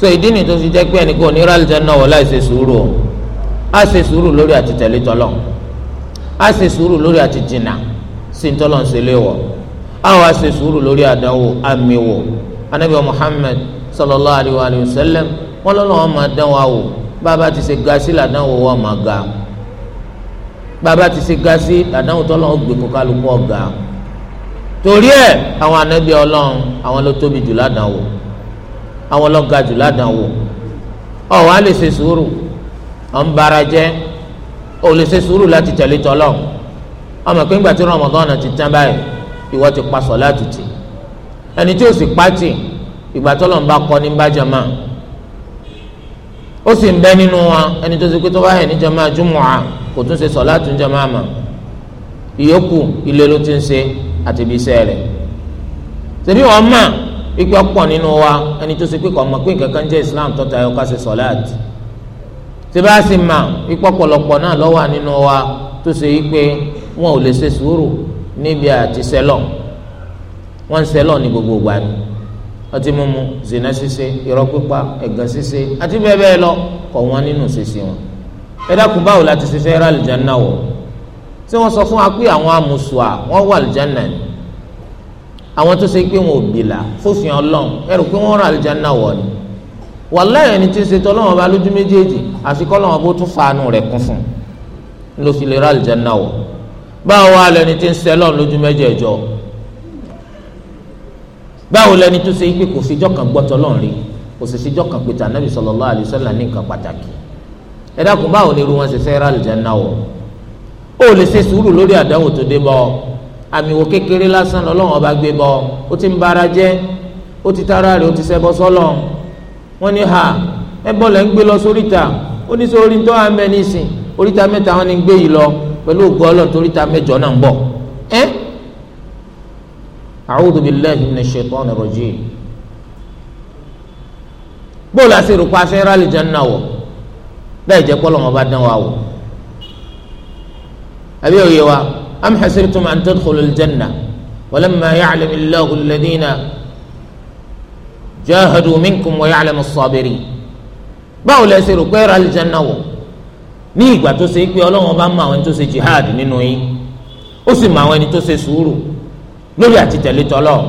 so ìdí nìyí tó fi jẹ́ pé ẹnìkan òní rálẹ̀ jẹ́ náà wọ láì ṣe sùúrù o á ṣe sùúrù lórí àti tẹ̀lé tọ́lọ̀ á ṣe sùúrù lórí àti jìnnà sí tọ́lọ̀ ń ṣe léwọ̀ á wá ṣe sùúrù lórí àdánwò àmì wò anabi Muhammad sallallahu alayhi wa sallam wọn lọ́nà wọn máa dán wa wò bàbá ti ṣe ga sí làdánwò wọn máa ga bàbá ti ṣe ga sí làdánwò tọ́lọ̀ ó gbé kó kálukú ọ̀gá torí ẹ àwọn anabi Ọlọ́run àwọn ló tóbi jù ládàáwò àwọn ló ga jù ládàáwò ọ wàá lè ṣe sùúrù ọ ń bara jẹ ọ lè ṣe sùúrù láti tẹ̀lé tọ́lọ̀ ọmọ pé ńgbà tí Ramadan ti tán báyìí ìwọ ti pa sọ̀láàtì tì ẹni tí ó sì pàtì ìgbà tọ́lọ̀ ń bá kọ́ ní bájàmá ó sì ń bẹ nínú wa ẹni tó ti pé tó bá yẹ ní jàmá jùmọ̀ à kò tún ṣe sọ̀láàtì ní jàmá àmà ìyókù ilé ti ń ṣe àti ibi iṣẹ́ rẹ̀ ṣebí wọn mọ̀ ikú ọ̀pọ̀ nínú wa ẹni tó ṣe pé kò mọ̀ pé nǹkan kan jẹ́ islam tó tayọ ká ṣe sọ̀láàtì ṣebí a sì mọ̀ ikú ọ̀pọ̀lọpọ̀ náà ló nínú wa tó ṣe yí pé wọn ò lè ṣe sùúrù níbi àti sẹ́lọ̀ wọ́n ń ní gbogbo ìgbà ni ọtí mímu zina ṣíṣe irọ́ pípa ẹ̀gàn ṣíṣe àti bẹ́ẹ̀ bẹ́ẹ̀ lọ kọ̀ wọ́n nínú ṣíṣe wọn ẹ dákun báwo la ti ṣe fẹ́ rà àlùjánnà wọ̀ tí wọ́n sọ fún wa pé àwọn amùsùà wọ́n wà àlùjáná ni àwọn tó ṣe pé wọn ò bìlà fòfin ọlọ́run ẹrù pé wọ́n rán àlùjáná wọ̀ ni wàláyé ẹni tí ń ṣe tọ́lọ́wọ́n bá lójú méjèèjì àfi kọ́lọ́wọ́n bó tún fàánù rẹ̀ kún fún un ló fi lè rà àlùjáná wọ̀ báwo wà lẹni tí ń ṣe lọ́run lójú méjèèjọ báwo lẹni tó ṣe pé kò fi jọ́kàn gbọ́ tọ́lọ́run rí kò sì fi jọ́kàn pé tànàbì sallallahu alaihi wasallam ní nǹkan pàtàkì ẹ dákun báwo ni irú wọn ṣe fẹ́ rà àlùjáná wọ̀ ó lè ṣe sùúrù lórí àdánwò tó dé bọ àmì wò kékeré lásán lọ́lọ́run ọba gbé bọ ó ti ń bara jẹ́ ó ti tara rẹ̀ ó ti ṣẹbọ sọ́lọ̀ wọ́n ní ha ẹbọ lẹ́ ń gbé lọ sóríta ó ní sọ orí tó wà mẹ́ nísìn oríta mẹ́ta wọn ni ń gbé yìí lọ pẹ̀lú ògo Ọlọ́run toríta mẹ́jọ náà ń bọ̀ ẹ́ a'udhu billahi minash shaitani rajim bóòlù àti ìrùkọ afẹ́rẹ́ àlìjẹ́ ń náwọ̀ bẹ́ẹ̀ jẹ́ pọ́lọ́mọba dán wa wò. أبي òye أم am أن an الجنة؟ ولما يعلم الله الذين جاهدوا منكم ويعلم الصابرين، ya'lamu as-sabirin báwo lẹ ṣe rò pé ra aljanna wọ̀ ní ìgbà tó ṣe pé Ọlọ́run bá mọ àwọn ẹni tó ṣe jihad nínú yín ó sì mọ àwọn ẹni tó ṣe sùúrù lórí àti tẹ̀lé tọ́lọ̀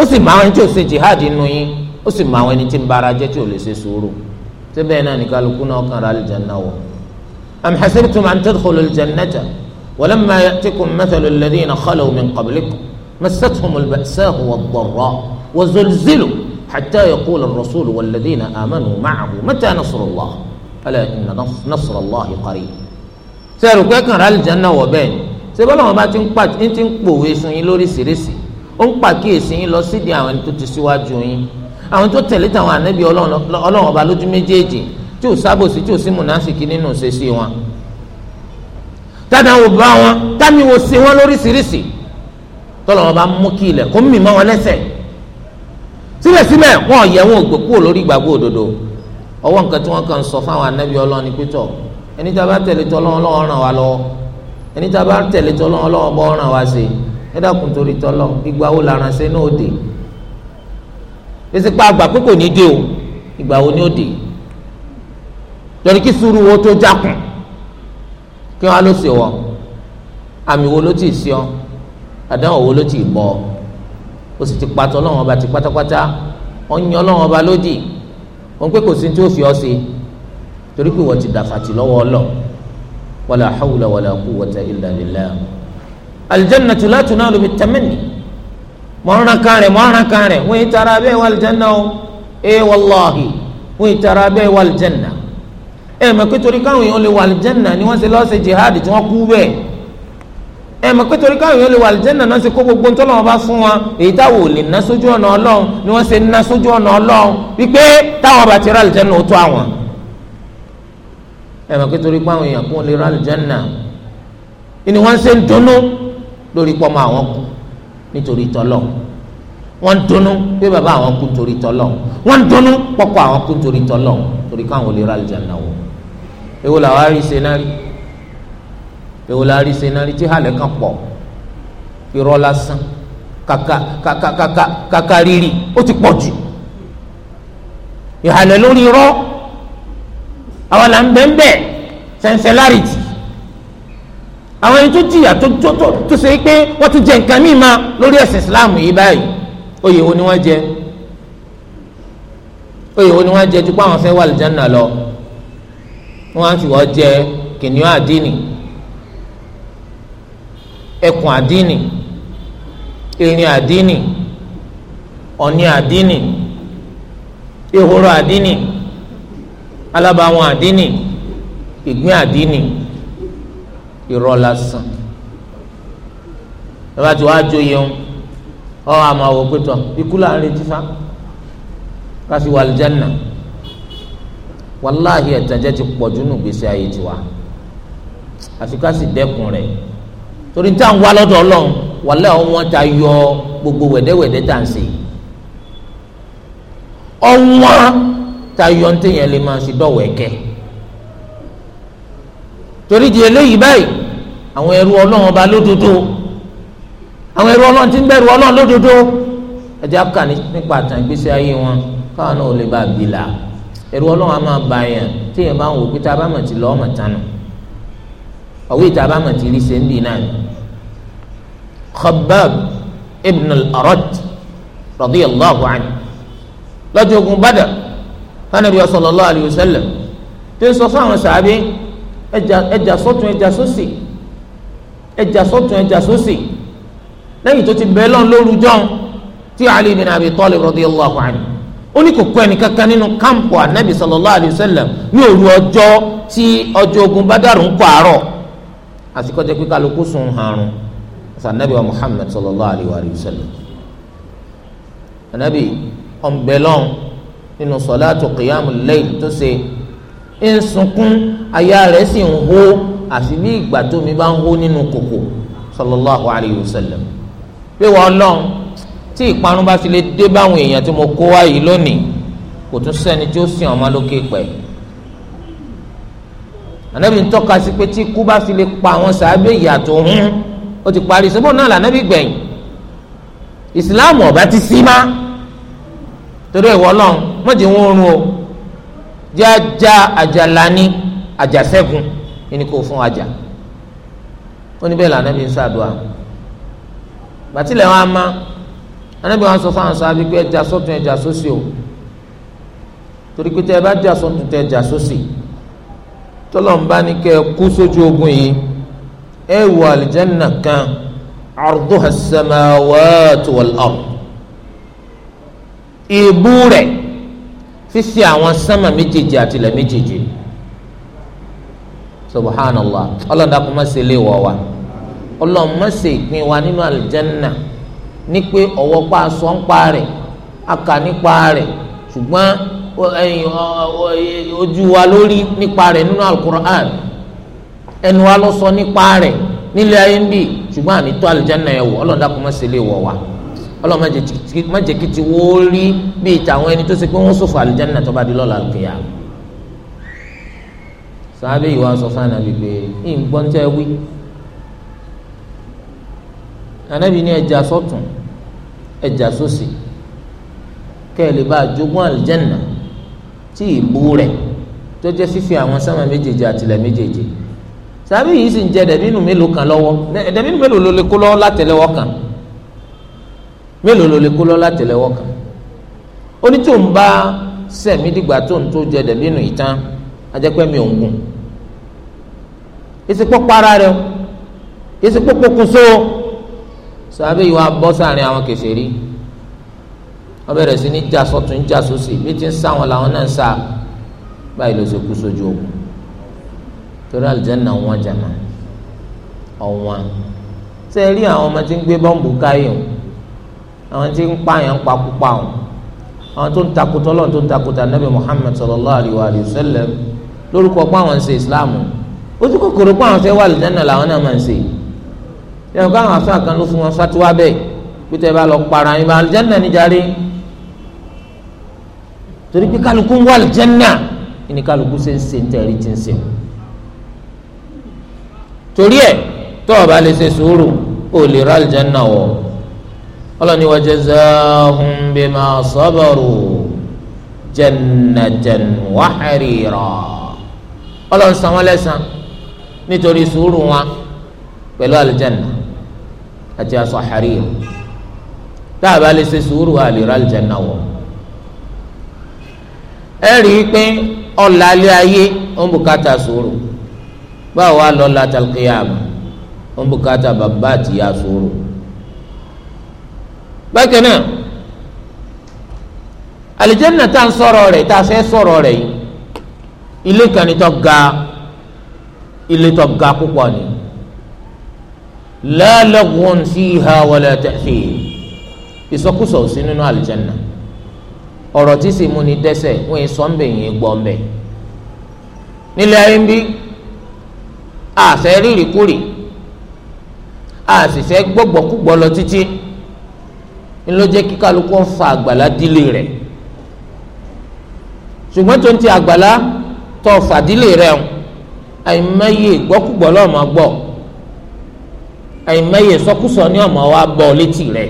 ó sì mọ àwọn ẹni tó ṣe jihad nínú yín ó sì mọ àwọn ẹni tí ń bára jẹ́ tí ò lè ṣe sùúrù síbẹ̀ náà ní kálukú náà kàn ra aljanna wọ̀. أم حسبتم أن تدخلوا الجنة ولما يأتكم مثل الذين خلوا من قبلكم مستهم البأساء والضراء وزلزلوا حتى يقول الرسول والذين آمنوا معه متى نصر الله ألا إن نصر الله قريب sẹ́rù kẹ́kàn rà lìjánná wọ̀ bẹ́ẹ̀ ni ṣé bọ́lá wọn bá ti ń pa ti ń pòwe sun yín lóríṣiríṣi ó ń pàkíyèsí yín lọ sídìí àwọn ẹni tó ti síwájú yín àwọn tó tẹ̀lé tàwọn ànábì ọlọ́run ọba lójú méjèèjì tí ò sábòsí tí ò sí mùnásìkí nínú ṣèṣì wọn tádàwò bá wọn tàmí wo ṣe wọn lóríṣiríṣi tọ́lọ̀ wọn bá mú kí ilẹ̀ kó mímọ́ wọn lẹ́sẹ̀ síbẹ̀síbẹ̀ wọn yẹ wọn ò gbé kúrò lórí ìgbàgbọ́ òdodo ọwọ́ nǹkan tí wọ́n kàn sọ fáwọn anábì ọlọ́ọ̀ni pétọ̀ ẹni tá a bá tẹ̀lé tọ́lọ́wọ́ lọ́wọ́ ràn wá lọ́wọ́ ẹni tá a bá tẹ̀lé tọ́lọ́wọ́ lọ́wọ́ bọ́ ràn wá sí ẹ dákun torí tọ́lọ́ ìgbà wo ṣe náà dé pèsè pa àgbà pé kò ní dé o ìgbà wo ni lórí kí sùúrù wo tó jákùn kí wọn á ló ṣe wọ àmì wo ló ti sí ọ àdánwò wo ló ti bọ ó sì ti pàtó Ọlọ́run ọba ti pátápátá ọyàn Ọlọ́run ọba lódì wọn pé kò sí tí ó fi ọ ṣe torí pé wọn ti dàfàtì lọ́wọ́ ọlọ wàlà hawla wàlà quwwata illa billah aljannatu la tunalu bitamanni mọ̀ọ́rán kan rẹ̀ mọ̀ọ́rán kan rẹ̀ wọ́n yìí tara abẹ́ wàlìjẹ́nà o ee wàláhi wọ́n yìí tara abẹ́ wàlìjẹ́nà ẹ mọ̀ pé torí káwọn èèyàn lè wà àlìjẹ́nà ni wọ́n ṣe lọ́ọ́ ṣe jihad tí wọ́n kú bẹ́ẹ̀ ẹ mọ̀ pé torí káwọn èèyàn lè wà àlìjẹ́nà náà ṣe kó gbogbo nítorí wọn bá fún wọn èyí táwọn ò lè ná sójú ọ̀nà ọlọ́run ni wọ́n ṣe ná sójú ọ̀nà ọlọ́run wípé táwọn bá ti rà àlìjẹ́nà ó tó àwọn ẹ mọ̀ pé torí káwọn èèyàn kún lè rà àlìjẹ́nà ni wọ́n ṣe ń dunnú lórí pọ́mọ àwọn kú nítorí tọ́lọ̀ wọ́n ń dunnú pé bàbá àwọn kú nítorí tọ́lọ̀ wọ́n ń dunnú pọ́pọ́ èwo làwọn arí ṣe náà rí èwo làwọn arí ṣe náà rí tí halẹ̀ kan pọ̀ irọ́ lásán kàkà kàkà kàkà kàkà rírì ó ti pọ̀ jù ìhàlẹ̀ lórí irọ́ àwọn là ń bẹ́ẹ̀ bẹ́ẹ̀ sẹ́ńsẹ́lárìtì àwọn ẹni tó jìyà tó tó tó tó ṣe pé ti jẹ nǹkan míì ma lórí ẹ̀sìn ìsìláàmù yìí báyìí oyè wo ni wọ́n jẹ oyè wo ni wọ́n jẹ ju pé àwọn fẹ́ wà lìjánà lọ wọ́n á ti wọ́n jẹ kìnìún àdínì ẹkùn àdínì erin àdínì ọ̀ní àdínì ehoro àdínì alábàáwọn àdínì ìgbín àdínì irọ́ lásán lọ́ba tí wàá jó yẹun ọ́ àmọ́ àwọ̀ pẹ̀tọ́ ikú là ń retí sá kásì wàláhì ẹ̀tànjẹ ti pọ̀jù nù gbèsè ayé tiwa àfi ká sì dẹ́kun rẹ̀ torí tá à ń wá lọ́dọ̀ ọlọ́run wàlẹ́ ọ̀wọ́n ta yọ gbogbo wẹ̀dẹ́wẹ̀dẹ́ tá à ń ṣe ọ̀wọ́n ta yọ ní téèyàn lè máa ṣe dọ̀wọ̀ ẹ̀kẹ́ torí di eléyìí báyìí àwọn ẹrú ọlọ́run ọba lódodo àwọn ẹrú ọlọ́run ti ń bẹ̀rù ọlọ́run lódodo ẹ̀jẹ̀ á kà nípa àtàn ìgbésí ayé wọn káwọn náà ò ẹ̀rù ọlọ́run á máa bá yàn tí èèyàn bá ń wò pé tá a bá mọ̀ ti lọ́ ọmọ tánu ọ̀wé ìta bá mọ̀ ti rí ṣe ń bì náà ni. Khabbab ibn al-Arat radiyallahu anhu lọ́jọ́ ogun Badr anabi sallallahu alayhi wa sallam tó ń sọ fún àwọn sàábé sọ́tún ẹjà sósì ẹjà sọ́tún ẹjà sósì lẹ́yìn tó ti bẹ́ẹ̀ lọ́n lóru jọ́n tí Ali bin Abi Talib radiyallahu anhu. Oni ní kò kọ́ ẹnìkankan nínú kámpù anabi sallallahu alayhi wa sallam ní òru ọjọ́ tí ọjọ́ ogun bádàrú ń kọ́ àárọ̀ àsìkò pé kálukú sùn hàrùn sànàbí wa muhammed sallallahu alayhi wa sallam anabi ọ̀nbẹ̀lọ́n nínú sọ̀láàtù qiyamul layl tó ṣe ń sunkún aya rẹ̀ sì ń hó àfi bí ìgbà tómi bá ń hó nínú kòkò sallallahu alayhi wa sallam pé wọ́n lọ́n tí ìparun bá fi lè dé báwọn èèyàn tí mo kó wá yìí lónìí kò tún sẹ́ni tí ó sìn ọmọ lókè pẹ̀ ànábì ń tọ́ka sí pé tí ikú bá fi lè pa àwọn sàábé ìyàtọ̀ hún ó ti parí sọ́bọ̀ náà lànàbì gbẹ̀yìn ìsìláàmù ọ̀bá ti sí má torí ìwọ ọlọ́run mọ̀jẹ̀ wọn oorun o jájá àjàlání àjàṣẹ́gun ẹni kò fún àjà ó ní bẹ́ẹ̀ lànàbì ń sàdúrà bàtìlẹ̀ wọn á máa anábì wọn sọ fáwọn sábà pé ẹja sọ́tún ẹja sósì o torí pé tẹ ẹ bá jà sọ́tún tẹ ẹja sósì tọlọmba ni kẹ kú sójú ogun yìí ẹ wọ àlìjẹnà kan àrùdó hasamá wàtò wàlọ ìbú rẹ fífi àwọn sámà méjèèjì àtìlẹ méjèèjì subhanallah ọlọ́dàkùn má ṣe lé wọ̀ wá ọlọ́run má ìpín wa nínú àlìjẹ́nà ní pé ọ̀wọ́ pa aṣọ ń pa rẹ̀ aka nípa rẹ̀ ṣùgbọ́n ojú wa lórí nípa rẹ̀ nínú alukur'an ẹnu wa ló sọ nípa rẹ̀ nílẹ̀ ayé ń bì ṣùgbọ́n àní tó alìjẹ́nà ẹ̀ wò ọlọ́dà kò má ṣe lè wọ̀ wá ọlọ́run má jẹ́ kí ti wó rí bíi tàwọn ẹni tó ṣe pé wọ́n sòfò alìjẹ́nà tó bá di lọ́la kìyà. sàbẹ̀ ìwà sọ fún ànàbì pé ìgbọ́ntẹ́ wí anabi ní ẹja sọ́tún ẹja sósì kẹlẹ bá jogún aljanna tí ìbú rẹ̀ tó jẹ́ fífi àwọn sáma méjèèjì àtìlẹ̀ méjèèjì sàbí yìí sì ń jẹ dẹbínú mélòó kan lọ́wọ́ dẹbínú mélòó ló lè kó lọ́wọ́ látẹ̀lẹ́wọ́ kan mélòó ló lè kó lọ́wọ́ látẹ̀lẹ́wọ́ kan ó ní tó ń bá sẹ̀mí dìgbà tó ń tó jẹ dẹbínú ìtàn ajẹ́pẹ́ mi ò ń gùn ìsìnkú para rẹ̀ sàbẹ̀ ìwà bọ́ sàárín àwọn kèfèrí wọ́n bẹ̀rẹ̀ sí ní jà sọ́tún jà sósì bí ti ń sá wọn làwọn náà ń sá báyìí ló ṣe kú sójú ogun torí àlùjáná wọn jàmá ọ̀wọ́n ṣe rí àwọn ọmọ tí ń gbé bọ́ǹbù káyọ̀ àwọn tí ń pààyàn ń pakúpa ọ̀ àwọn tó ń takùtọ̀ lọ́n tó ń takùtà nàbì Muhammad sallallahu alayhi wa sallam lórúkọ pé ṣe Islam ojú kòkòrò pé àwọn fẹ́ wà àlùjáná làwọn náà máa ń ṣe yìí yẹn kó àwọn afa kan ló fún wọn fatiwa bẹ́ẹ̀ pété bá lọ para yín bá aljanna ni jàre torí pé kálukú ń wá aljanna ní kálukú ṣe ń ṣe ń tẹ̀rí ti ń ṣe torí ẹ̀ tó o bá lè ṣe sùúrù o lè ra aljanna wọ̀ ọlọ́ni wa jazahum bima sabaru jannatan wa harira ọlọ́run san wọ́n lẹ́san nítorí sùúrù wọn pẹ̀lú aljanna àti aṣọ àháríyà tá a bá lè ṣe sùúrù a lè ra àlùjánnà wọ̀ ẹ rí i pé ọ̀la ilé ayé ó ń bùkátà sùúrù báwo wá lọ́la talqiyama ó ń bùkátà bàbá àtìyá sùúrù bákan náà àlùjánnà tá à ń sọ̀rọ̀ rẹ̀ tá a fẹ́ sọ̀rọ̀ rẹ̀ yìí ilé kan ní tó ga ilé tó ga púpọ̀ nìyí la laghwun fiha wala ta'thim ìsọkúsọ ò sí nínú àlùjánnà ọ̀rọ̀ tí sì mú ni dẹ́ṣẹ̀ wọ́n yẹn sọ ń bẹ̀ yẹn gbọ́ ń bẹ̀ nílẹ̀ ayé ń bí àṣẹ rírìkúrì àṣìṣe gbọ́gbọ́kúgbọ́ lọ títí ńlọ́jẹ́ kí kálukú ń fa àgbàlá dílé rẹ̀ ṣùgbọ́n tó ń ti àgbàlá tó fàdílé rẹ̀ àìmọye gbọ́kúgbọ́ lọ́ọ́ máa gbọ́ àìmọye sọkúsọ ní ọmọ wa bọ létí rẹ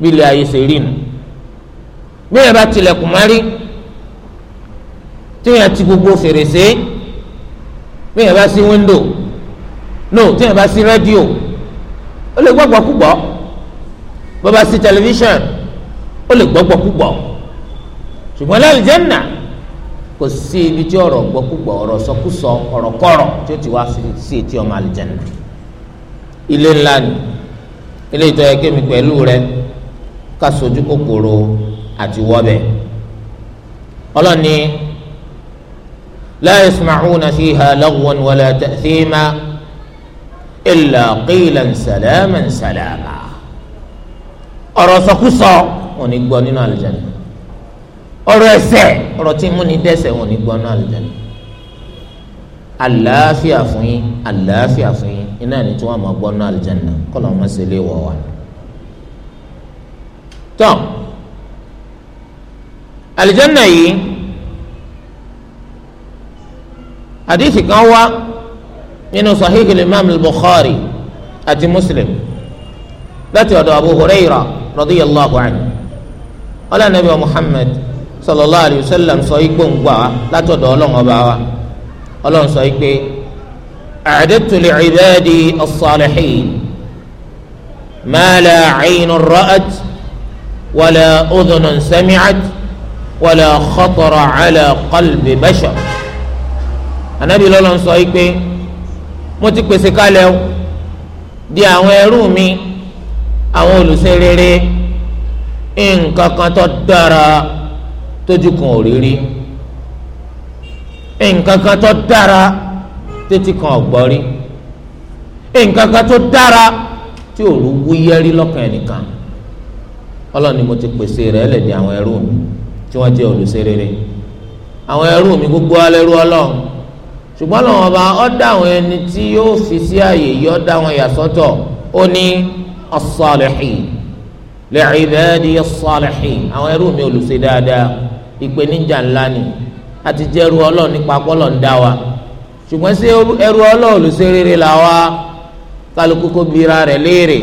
bílẹ ayé ṣe rí nu bíyẹn bá tilẹ̀kùn márí tíyẹn ti gbogbo fèrèsé bíyẹn bá sí wíńdò no tíyẹn bá sí rédíò ó lè gbọ́gbọ́ kúgbọ́ bó bá sí tẹlifíṣàn ó lè gbọ́gbọ́ kúgbọ́ ṣùgbọ́n lálẹ́ jẹ́ nà kò sí ibi tí ọ̀rọ̀ gbọ́kúgbọ̀ ọ̀rọ̀ sọkúsọ ọ̀rọ̀ kọ̀rọ̀ tí ó ti wá sí etí ọmọ àlùjànnà ilé ńlá ni ilé ìtọ́jú kémi pẹ̀lú rẹ ká sojú kòkòrò àti wọ́bẹ̀ ọlọ́ni la yasma'una fiha lagwan wala ta'thima illa qilan salaman salama ọ̀rọ̀ sọkúsọ òní gbọ́ nínú àlùjànnà ọ̀rọ̀ ẹ̀ṣẹ̀ ọ̀rọ̀ tí múni dẹ́ṣẹ̀ wọn ní gbọnà àlùjáde àlàáfíà fún yín àlàáfíà fún yín iná ní tí wọn máa gbọnà àlùjáde kọlọ wọn sì lè wọ wa. tọ́ àlùjáde yìí àdìsí kan wá nínú sahih imam bukhari àti muslim láti ọ̀dọ̀ abu hurairah radiyallahu anhu ọlọ́nàbí wa muhammad sallallahu alayhi wa sallam sọ igbó ń gbà wá látọ̀dọ̀ ọlọ́run ọba wa ọlọ́run sọ pé a'dadtu li'ibadi as-salihin ma la 'aynun ra'at wa la udhunun sami'at wa la khatara 'ala qalbi bashar anabi lọ́lọ́run sọ pé mo ti pèsè kalẹ̀ o di àwọn ẹrú mi àwọn olùṣe nǹkan kan tó dára tójú kan ò rírí nǹkan kan tó dára tètè kan ọ̀gbọ́ rí nǹkan kan tó dára tí òru wúyẹ́rí lọ́kàn ẹnìkan ọlọ́ni mo ti pèsè rẹ̀ lẹ̀dí àwọn ẹrú mi tí wọ́n jẹ́ olùṣe àwọn ẹrú mi gbogbo alẹ́rú ọlọ́run ṣùgbọ́n lọ́wọ́n bá ọ́ àwọn ẹni tí yóò fi sí ààyè yìí ọ́ àwọn ìyàsọ́tọ̀ ó ní as-salihin li ibadiy as-salihin àwọn ẹrú mi olùṣe dáadáa ìpèníjà ńlá ni a ti jẹ́ ẹrú ọlọ́ọ̀ nípa pọ́lọ̀ ń dá wa ṣùgbọ́n sí ẹrú ọlọ́ọ̀ ló ṣe rere là wa kálukú kó bira rẹ̀ léèrè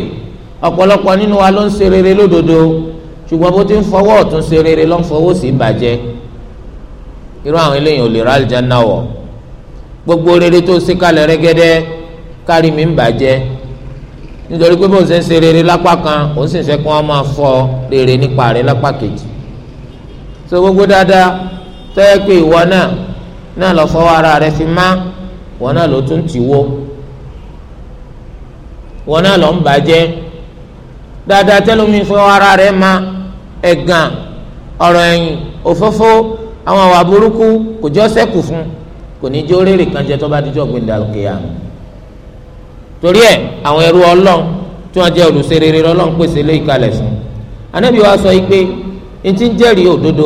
ọ̀pọ̀lọpọ̀ nínú wa ló ń ṣe rere lódodo ṣùgbọ́n bó ti ń fọwọ́ ọ̀tún ṣe rere ló ń fọwọ́ sí bàjẹ́ irú àwọn eléyìí ò lè ra àlùjáná wọ̀ gbogbo rere tó ṣe kalẹ̀ rẹ́gẹ́dẹ́ kárí mi ń bàjẹ́ nítorí pé bó ń ṣe ń ṣe rere lápá kan òun sì ń fẹ́ kí wọ́n máa fọ rere nípa rẹ̀ lápá kejì so gbogbo dáadáa tẹ́yẹ pé ìwọ náà náà lọ fọwọ́ ara rẹ fi má wọn náà ló tún ti wó wọn náà lọ ń bàjẹ́ dáadáa tẹ́lómi fọwọ́ ara rẹ má ẹ̀gàn ọ̀rọ̀ ẹ̀yìn òfófó àwọn àwà burúkú kò jọ sẹ́kù fún kò ní jẹ́ oréré kan jẹ tó bá dijọ́ gbẹ̀ndà òkè àná torí ẹ̀ àwọn ẹrú ọlọ́run tí wọ́n jẹ́ olùṣerere ọlọ́run pèsè lé ìkalẹ̀ fún anábì sọ yìí pé etí ń jẹ́rìí òdodo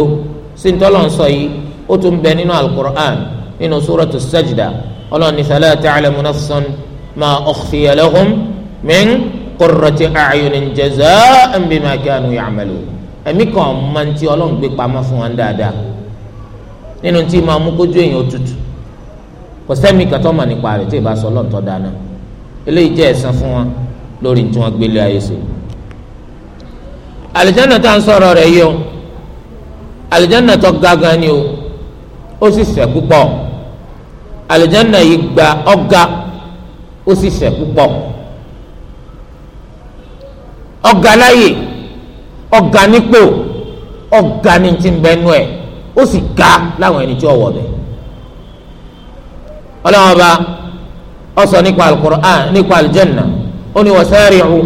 sí ntọ́lọ̀ ń sọ yìí ó tún bẹ nínú alukur'an nínú suratu sajda ọlọ́ọ̀ni fala ta'lamu nafsun ma ukhfiya lahum min qurrati a'yunin jaza'an bima kanu ya'malun ẹ̀mí kan máa ń ti ọlọ́run gbé pamọ́ fún wọn dáadáa nínú tí máa mú kójú èèyàn tutù kò sẹ́mi kàtọ́ mà nípa rẹ̀ tí ì bá sọ ọlọ́ọ̀tọ́ dáná eléyìí jẹ́ ẹ̀san fún wọn lórí tí wọ́n gbélé ayé sèlú àlìjáná tá à ń sọ̀rọ̀ rẹ̀ yìí o àlìjáná tó ga gan ni o ó sì sẹ̀ púpọ̀ àlìjáná yìí gba ọ̀gá ó sì sẹ̀ púpọ̀ ọ̀gá láyè ọ̀gá nípò ọ̀gá ni ti ń bẹnu ẹ̀ ó sì ga láwọn ẹni tí ó wọ̀ bẹ́ẹ̀ ọlọ́wọ́n bá ó sọ nípa alukur'an nípa aljanna ó ní wasari'u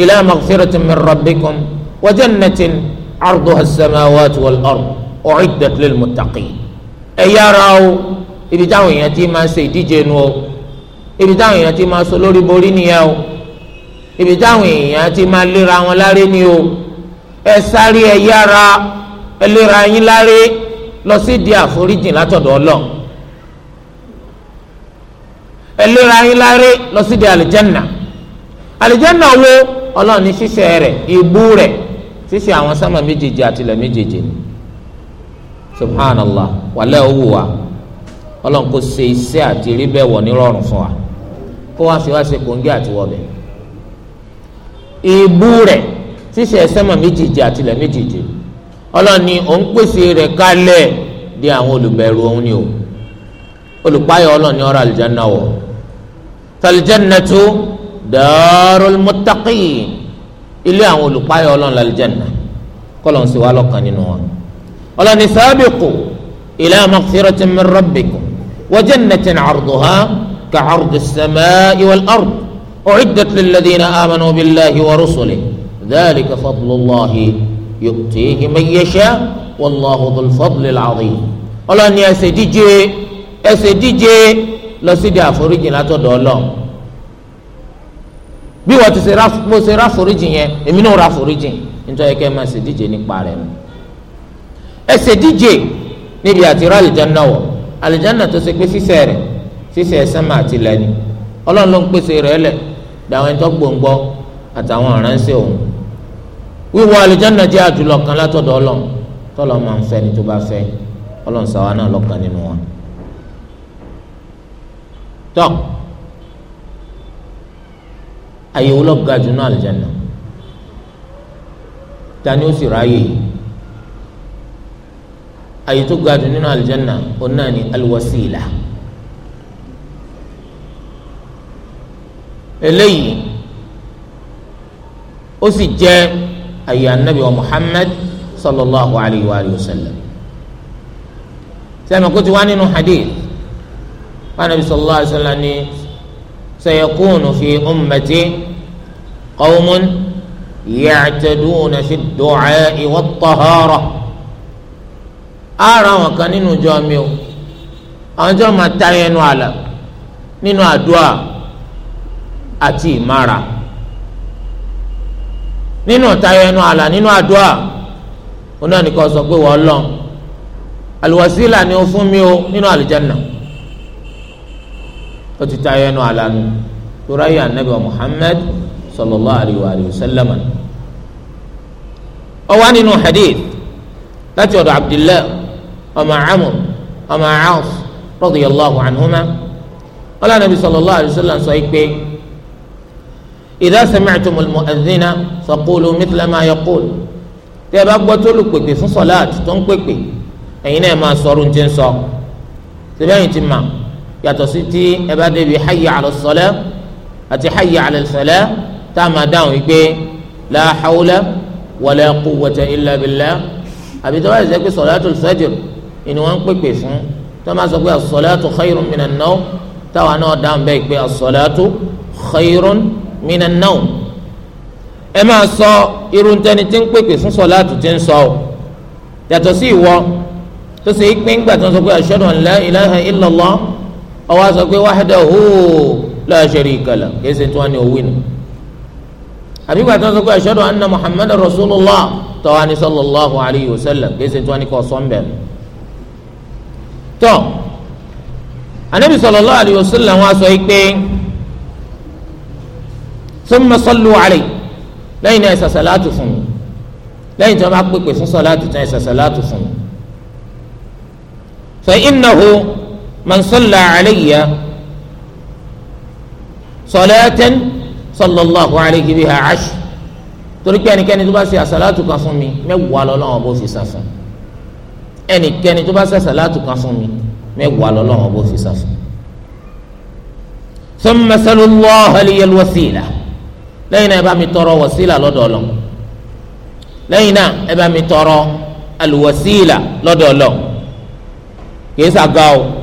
ila maghfiratin min rabbikum wa jannatin arduha as-samawati wal-ard u'iddat lil-muttaqin ẹ yára o ibi táwọn èèyàn ti máa ṣe ìdíje nu o ibi táwọn èèyàn ti máa sọ lórí borí nìyẹn o ibi táwọn èèyàn ti máa léra wọn láré ni o ẹ sáré ẹ yára ẹ léra yín láré lọ sí di àforíjìn látọ̀dọ̀ Ọlọ́run ẹ léra yín láré lọ sí di àlìjánà àlìjánà wo Ọlọ́run ní ṣíṣe rẹ̀ ìbú rẹ̀ ṣíṣe àwọn sánmà méjèèjì àtìlẹ̀ méjèèjì ni subhanallah wàlẹ́ owó wa ọlọ́run kò ṣe iṣẹ́ àti rí bẹ́ẹ̀ wọ̀ nírọ̀rùn fún wa kó wá fi wá ṣe kòńgẹ́ àti wọ́bẹ̀. ìbú rẹ̀ ṣíṣe sánmà méjèèjì àtìlẹ̀ méjèèjì ọlọ́run òun pèsè rẹ̀ kálẹ̀ di àwọn olùbẹ̀rù òun ni o olùpáyọ̀ ọlọ́run ni ọ̀rọ̀ àlùjáná wọ̀ tàlùjáná tó dàrú mọ́tàkìyìn ilé àwọn olùpáyọ̀ ọlọ́run lálẹ́jẹ̀nà kọ́lọ̀ ń sì wá lọ́kàn nínú wọn. ọlọ́ni sábìkù ilé àmọ́kìtìrọ̀ ti mi rọ́bìkù wọ́jẹ́ nàtẹ̀ àrùdù ha ka àrùdù sẹ́mẹ́ ìwọl àrùd ọ̀ọ́dẹ̀t lẹ́dínà àmàna bíláhi wà rúṣùlẹ̀ dáàlì ka fadlúláhi yòtìhì mayẹ̀ṣẹ́ wàlláhu dùlfadlil àdì. ọlọ́ni ẹsẹ̀ díje ẹsẹ̀ díje lọ sí di àforíjìn látọ̀dọ̀ ọlọ́run bí wọ́n ti ṣe ráforíjì yẹn èmi náà ráforíjì nítorí kẹ́ ẹ máa ṣèdíje nípa rẹ̀ nù. ẹ ṣèdíje níbi àtirọ́ àlìjáná wọ̀ àlìjáná tó ṣe pé sísẹ̀ rẹ̀ sísẹ̀ sẹ́mà àti lẹ́ni ọlọ́run ló ń pèsè rẹ̀ lẹ̀ dàwọn ẹni tó gbòǹgbọ́ àtàwọn aránṣẹ́ òun. wíwọ̀ àlìjáná jẹ́ àjùlọ kan látọ̀dọ̀ ọlọ́run tọ́lọ́ máa ń fẹ́ ni tó bá fẹ́ ọlọ́run sáwa náà lọ́kàn nínú wọn. tọ́ ayé wo lọ́ọ́ ga jù náà àlùjáná ta ni ó sì ráàyè ayé tó ga jù nínú àlùjáná òun náà ni alwasila eléyìí ó sì jẹ́ ayé anabi wa Muhammad sallallahu alayhi wa sallam sẹ́mi kó ti wá nínú hadith wa anabi sallallahu alayhi wa sallam ni. سيكون في أمتي قوم يعتدون في الدعاء والطهارة أرى وكان نجامي أنجا ما تعين على nínú àdúà àti ìmára nínú ọ̀tayọ ẹnu àlà nínú àdúà onáà nìkan sọ pé wọ́n lọ àlùwàsílà ni ó fún mi o nínú àlùjánnà ó ti ta ẹnu àlànà tóra yìí anabi muhammed sallallahu alayhi wa sallam ọwọ́ nínú hadith láti ọ̀dọ̀ abdullahi ọmọ amr ọmọ aas radiyallahu anhuma ọlọ́ anabi sallallahu alayhi wa sallam sọ pé idha sami'tumul mu'adhdhina faqulu mithla ma yaqul tẹ́ ẹ bá gbọ́ tó lù pèpè fún sọ́láàtì tó ń pèpè ẹ̀yin náà máa sọ ọdún tí sọ síbẹ̀ yìí ti máa yàtọ̀ sí tí ẹ bá débi hayya ala salah àti hayya ala salah tá a máa dáhùn yìí pé la hawla wala quwwata illa billah àbí tó bá yẹ kí salatul fajr ìní wọn ń pèpè fún tó máa sọ pé as-salatu khayrun minan nawm táwa náà dáhùn bẹ́ẹ̀ pé as-salatu khayrun minan nawm ẹ máa sọ irun tẹni tí ń pèpè fún salatu tí ń sọ yàtọ̀ sí ìwọ tó ṣe é pé ńgbà sọ pé ashhadu ọwọ́ sọ pé wahdahu la sharika lahu kìí ṣe tí wọ́n ní owó inú àbí gbàtà sọ pé ashhadu anna muhammadar rasulullah tọ́wá ní sallallahu alayhi wa sallam kìí ṣe tí wọ́n ní kọ́ sọ́ńbẹ̀ tọ́ anabi sallallahu alayhi wa sallam wọ́n sọ pé thumma sallu alayhi lẹ́yìn náà ẹ̀sà sàlátù fún mi tí wọ́n bá pèpè fún sàlátù tán ẹ̀sà sàlátù fún mi fa man salla alayya salatan sallallahu alayhi biha ash torí pé ẹnikẹ́ni tó bá ṣe àṣàlátù kan fún mi mẹ́wàá lọ́lọ́wọ́ bó fi sàfún ẹnikẹ́ni tó bá ṣe àṣàlátù kan fún mi mẹ́wàá lọ́lọ́wọ́ bó fi sàfún. thumma sallallahu alayhi alwasila lẹ́yìn náà ẹ bá mi tọrọ wasila lọ́dọ̀ Ọlọ́run lẹ́yìn náà ẹ bá mi tọrọ alwasila lọ́dọ̀ Ọlọ́run kì í sàgá o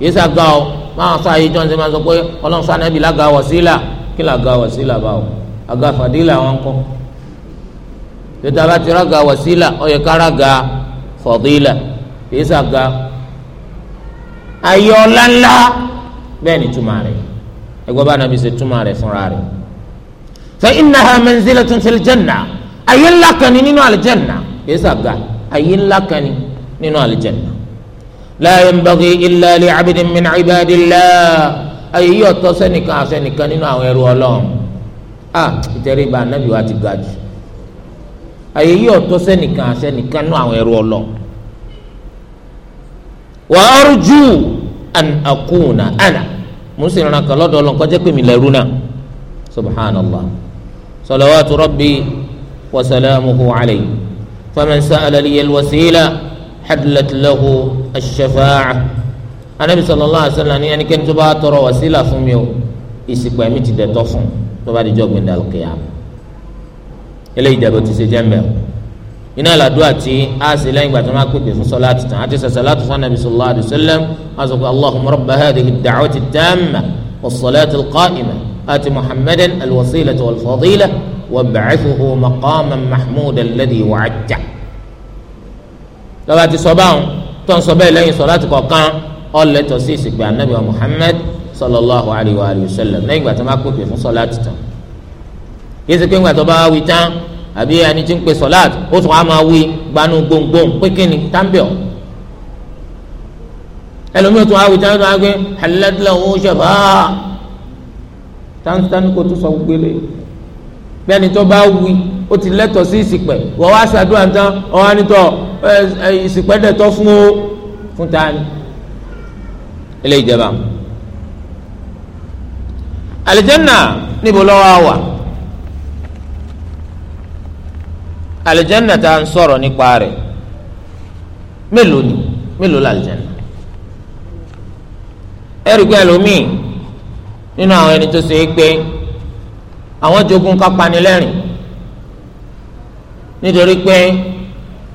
yìí ṣàga o máa sọ àyè jọ́nsẹ̀ máa sọ pé ọlọ́run sọ anábì lága wọ̀sílà kí làga wọ̀sílà bá o àga fàdílà wọn kọ́ tètè abá ti rága wọ̀sílà ó yẹ ká rága fọ̀dílà yìí ṣàga ayé ọlá ńlá bẹ́ẹ̀ ni túmọ̀ rẹ̀ ẹgbẹ́ bá nàbí ṣe túmọ̀ rẹ̀ fúnra rẹ̀ fa innaha manzilatun fil janna ayé ńlá kan ni nínú àlìjẹ́nà yìí ṣàga ayé ńlá kan ni nínú àlìjẹ́nà la yanbaghi illa li abidin min ibadillah ayé yóò tọ́ sẹ́nìkan àsẹ́nìkan nínú àwọn ẹrú ọlọ́run a ìtẹríba anabi wa ti ga jù ayé yóò tọ́ sẹ́nìkan àsẹ́nìkan nínú àwọn ẹrú ọlọ́run wa arju an akuna ana musin ran kan lọ́dọ̀ kọjá pé mi lẹ́rú náà subhanallah salawatu rabbi wa salamuhu alayhi faman sa'ala liya alwasila hadlat lahu ash-shafa'ah anabi sallallahu alayhi wa sallam ni ẹnikẹ́ni tó bá tọrọ wàsílà fún mi o ìsìnkú ẹ̀mí ti dẹ̀tọ́ fún tó bá di jọ́ gbẹ̀ndà lókèyà eléyìí dẹ̀bẹ̀ ti ṣe iná làdúrà tí a sì lẹ́yìn gbàtí wọ́n fún sọ́láàtì tán àti sàṣàláàtì fún anabi sallallahu alayhi wa sallam a sọ pé allahumma rabba tamma was-salati al ati muhammadan al-wasilata wa ba'athuhu maqaman mahmudan alladhi wa'adta lọ́ba ti sọ báwọn tó ń sọ bẹ́ẹ̀ lẹ́yìn sọ láti kọ̀ọ̀kan ọ̀lẹ́tọ̀ sí ìsìnkú anabi wa muhammed sallallahu alayhi wa sallam lẹ́yìn ìgbà tó máa pèpè fún sọláàtì tán yíṣe pé ńgbà tó bá wí tán àbí ẹni tí ń pè sọláàtì ó tún á máa wí gbanú gbóngbóng pé kíni tábìọ̀ ẹlòmíràn tún á wí tán tó á gbé ẹlẹ́dìlẹ̀ owó ṣẹ̀fà táńtánì kò tún sọ gbélé bẹ́ẹ̀ni tó bá wí ó ti lẹ́tọ̀ sí ìsìnkú ìsìpẹ́dẹ̀ tọ́ fún o fún ta ni ilé ìjẹba alìjẹ́nà níbo lọ́wọ́ wà alìjẹ́nà tá à ń sọ̀rọ̀ nípa rẹ̀ mélòó ni mélòó la alìjẹ́nà ẹ̀rí ẹlòmíì nínú àwọn ẹni tó ṣe é pé àwọn jogún kápánilẹ́rìn nítorí pé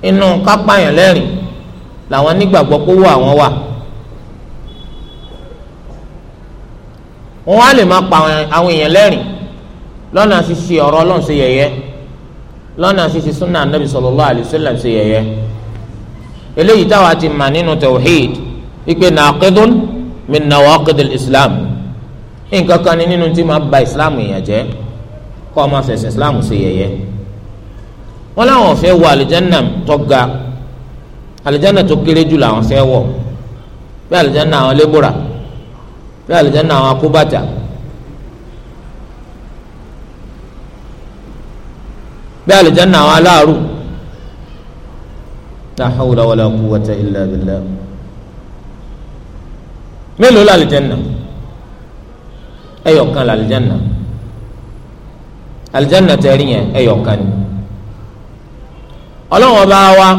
inú kápáyàn lẹ́rìn làwọn nígbàgbọ́ pé owó àwọn wà wọn á lè máa pa àwọn èèyàn lẹ́rìn lọ́nà ṣíṣe ọ̀rọ̀ ọlọ́run ṣe yẹ̀yẹ́ lọ́nà ṣíṣe súnà anábì sallallahu alaihi wasallam ṣe yẹ̀yẹ́ eléyìí táwa ti mà nínú tawhid wípé nàákídùn min nawaqidil islam nǹkan kan ni nínú tí máa ba islam èèyàn jẹ́ kọ́ ọ máa fẹ̀sìn islam ṣe yẹ̀yẹ́ wọn làwọn fẹ́ wọ alìjánà tó ga alìjánà tó kéré jù làwọn fẹ́ wọ bí alìjánà àwọn lébùrà bí alìjánà àwọn akóbàtà. bí alìjánà àwọn aláàrú la hawla wala quwwata illa billah mélòó la alìjánà ẹyọkan la alìjánà alìjánà tẹ̀rí yẹn ẹyọkan ni ọlọ́run ọba wa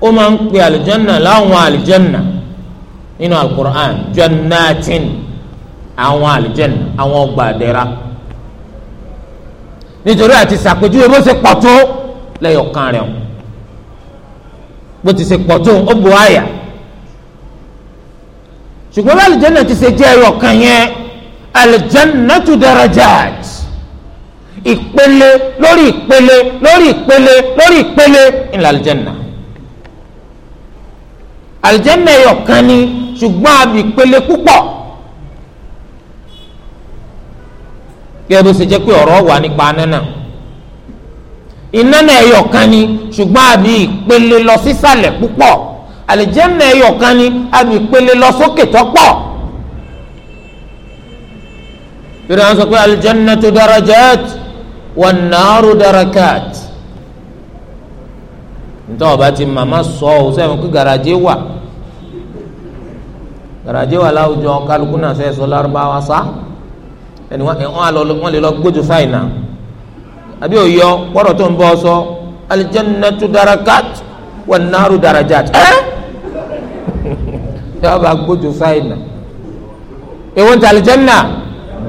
ó máa ń pe àlùjọ́nà láwọn àlùjọ́nà nínú alukur'an jannatin àwọn àlùjọ́nà àwọn ọgbà àdẹ́ra nítorí àti sàpèjúwe bó ṣe pọ̀ tó lẹ́yọ̀kan rẹ̀ bó ti ṣe pọ̀ ó bu àyà ṣùgbọ́n bí àlùjọ́nà ti ṣe jẹ́ ẹ̀yọ̀kan yẹn àlùjọ́nà tu darajat ìpele lórí ìpele lórí ìpele lórí ìpele ńlá aljanna aljanna ẹyọ kan ni ṣùgbọ́n àbí ìpele púpọ̀ gẹ́gẹ́ bó ṣe jẹ́ pé ọ̀rọ̀ wà nípa nánà iná náà ẹyọ kan ni ṣùgbọ́n àbí ìpele lọ sísàlẹ̀ púpọ̀ aljanna ẹyọ kan ni àbí ìpele lọ sókè tọ́pọ̀ yorùbá sọ pé aljannatu darajat wan naaru darakat nítorí ọba ti màmá sọ ọ sẹ́yìn kí garaje wà garaje wà láwùjọ kálukú náà sẹ́yìn sọ lárúbáwá sá ẹni wọn lè lọ gbójú fáìnà àbí òyọ kọ́rọ̀ tó ń bọ́ sọ alijannatu darakat wan naaru darajat ẹ́ tí bá gbójú fáìnà èwo ta alijanna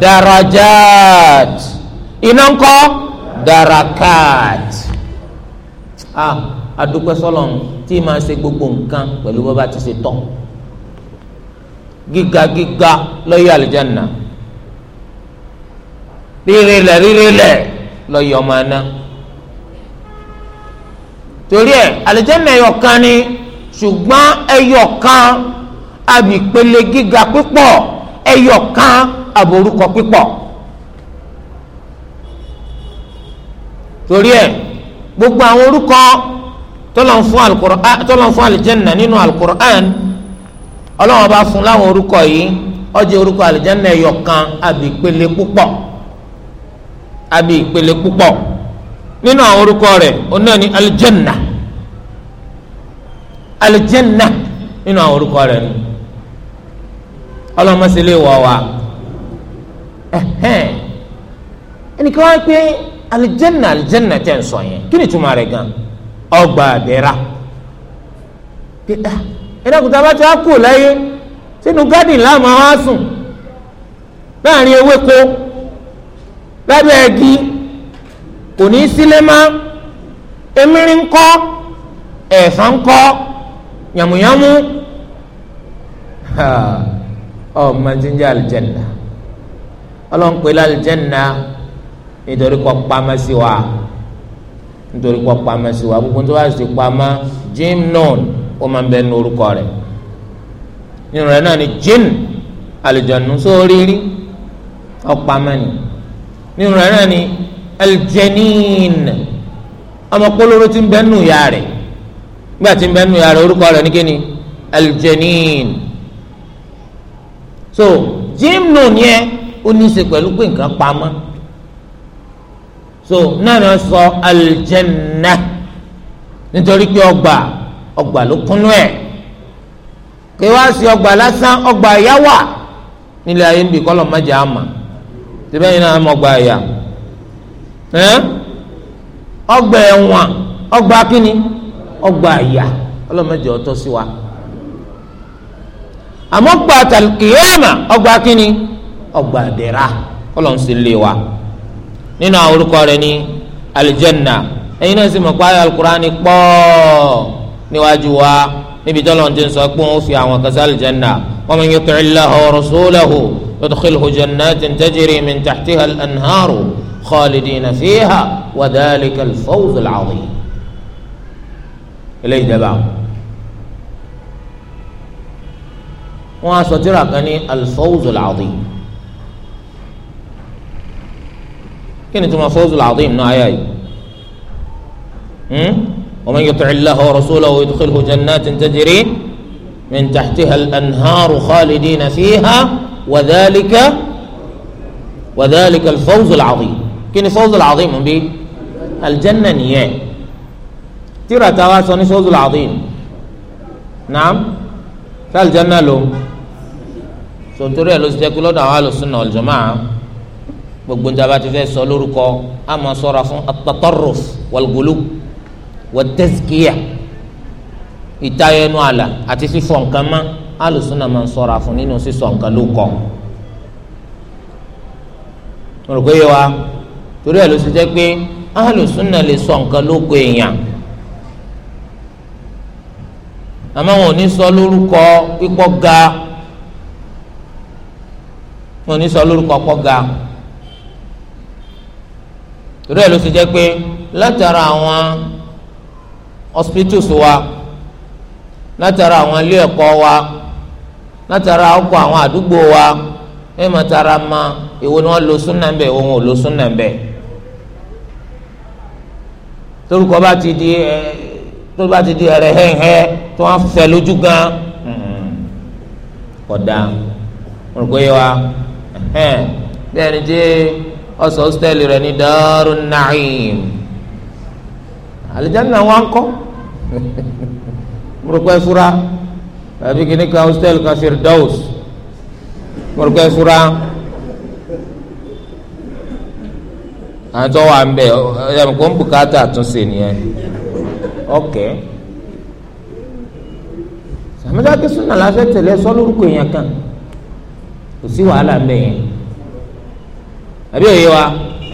darajat. Eh? iná ń kọ́ darakat ah adúpẹ́ sọlọ́n tí ma ṣe gbogbo nǹkan pẹ̀lú bó bá ti ṣe tọ́ gíga gíga lọ́yọ̀ àlìjáná rírì lẹ̀ rírì lẹ̀ lọ́yọ̀ ọmọ aná torí ẹ̀ àlìjáná ẹ̀yọ̀ kan ni ṣùgbọ́n ẹ̀yọ̀ kan àbí ìpele gíga pípọ̀ ẹ̀yọ̀ kan àbórúkọ pípọ̀. torí ẹ gbogbo àwọn orúkọ tọ́lọ́n fún alukur'an tọ́lọ́n fún alijanna nínú alukur'an ọlọ́wọ́n bá fún láwọn orúkọ yìí ọjọ́ orúkọ alijanna ẹ̀yọ̀ kan àbí ìpele púpọ̀ àbí ìpele púpọ̀ nínú àwọn orúkọ rẹ̀ ọ̀nà ni alijanna alijanna nínú àwọn orúkọ rẹ̀ ni ọlọ́mọsílẹ̀ wọ̀ wá ẹnìkan wá pé alijanna alijanna tẹ̀ ń sọ yẹn kí ni túmọ̀ rẹ̀ gan ọgbà àdẹ́ra pé ah ẹ̀dàkùtà bá ti á kú láyé sínú gádìn láàmú àwọn àsùn láàrin ewéko lábẹ́ ẹ̀gí kò ní sílé má emiri ń kọ́ ẹ̀fọn ń kọ́ yàmùyàmù ọmọ ti ń jẹ́ àlìjẹ́nà ọlọ́run pè nítorí kọ́ pamọ́ sí wa nítorí kọ́ pamọ́ sí wa gbogbo tó bá sì pamọ́ jim non ó máa ń bẹ ní orúkọ rẹ̀ nínú rẹ̀ náà ni jin alìjọ̀nù sóríri ọ̀pamọ́ ni nínú rẹ̀ náà ni aljanin ọmọ kólóró ti ń bẹ nù ya rẹ̀ nígbà tí ń bẹ nù ya rẹ̀ orúkọ rẹ̀ ní kíni aljanin so jim non yẹn ó ní í ṣe pẹ̀lú pé nǹkan pamọ́ so náà náà sọ aljanna nítorí pé ọgbà ọgbà ló kúnú ẹ̀ kí wá sí ọgbà lásán ọgbà ẹ̀yà wà nílẹ̀ ayé ń bì kọ́ lọ́ọ́ májà àmà tẹ́lẹ̀ yìí náà mọ̀ ọgbà ẹ̀yà ọgbà ẹ̀wọ̀n ọgbà kínní ọgbà ẹ̀yà ọlọ́mọdé ọtọ́ sí wa àmọ́ gbà tàlùkìyàmà ọgbà kínní ọgbà dẹ̀ra ọlọ́run sì lé wa. nínú àwọn orúkọ rẹ̀ ní alijanna ẹ̀yin náà sì mọ̀ pé alukurani pọ̀ níwájú wa níbi tí Ọlọ́run ti ń sọ pé wọ́n fi àwọn kan sí aljanna wa man yuti'i llaha wa rasulahu yudkhilhu mi tajri min tahtiha al-anharu khalidina fiha wa dhalika al-fawz al-'azim. eléyìí dábàá wọn a sọ tírà kan ní al-fawz al-'azim. كن تما فوز العظيم نوع آية؟ هم ومن يطع الله ورسوله ويدخله جنات تجري من تحتها الأنهار خالدين فيها وذلك وذلك الفوز العظيم كن فوز العظيم بي الجنة نية ترى تواصل فوز العظيم نعم فالجنة لو سنتري الوزدية كلها أهل السنة والجماعة gbogbo níta bá ti fẹ́ sọ lórúkọ a máa sọra fún at-tatarruf wal-ghulu wat-tazkiya ìtayẹnu àlà àti fífọ nǹkan mọ́ alùsùnà máa sọra fún nínú sísọ nǹkan ló kọ. mo wa torí ẹ̀ ló ti jẹ́ pé alùsùnà lè sọ nǹkan ló kọ èèyàn àmọ́ wọn ga wọn ò ní sọ lórúkọ ga. torí ẹ̀ ló ṣe pé látara wa látara àwọn ilé ẹ̀kọ́ wa látara ọkọ àwọn àdúgbò wa ẹ̀ tara ma èwo ni wọ́n lo súnà ń wọn ti di ẹ bá ti di ẹrẹ lójú gan ọsọ hostel rẹ ní Daaru Naim alijanna wa ń kọ mọ̀rọ̀kọ́ ẹ̀fura àbí kìíní ka hostel ka Firdaus mọ̀rọ̀kọ́ ẹ̀fura àtọ́ wa ń bẹ̀ ẹ̀yàmù kò ń bùkátà àtúnṣe nìyẹn ọ̀kẹ́ sàmúdàkẹ́sùn náà la fẹ́ tẹ̀lé sọ́lórúkọ èèyàn kan kò sí wàhálà ń yẹn àbí òye wa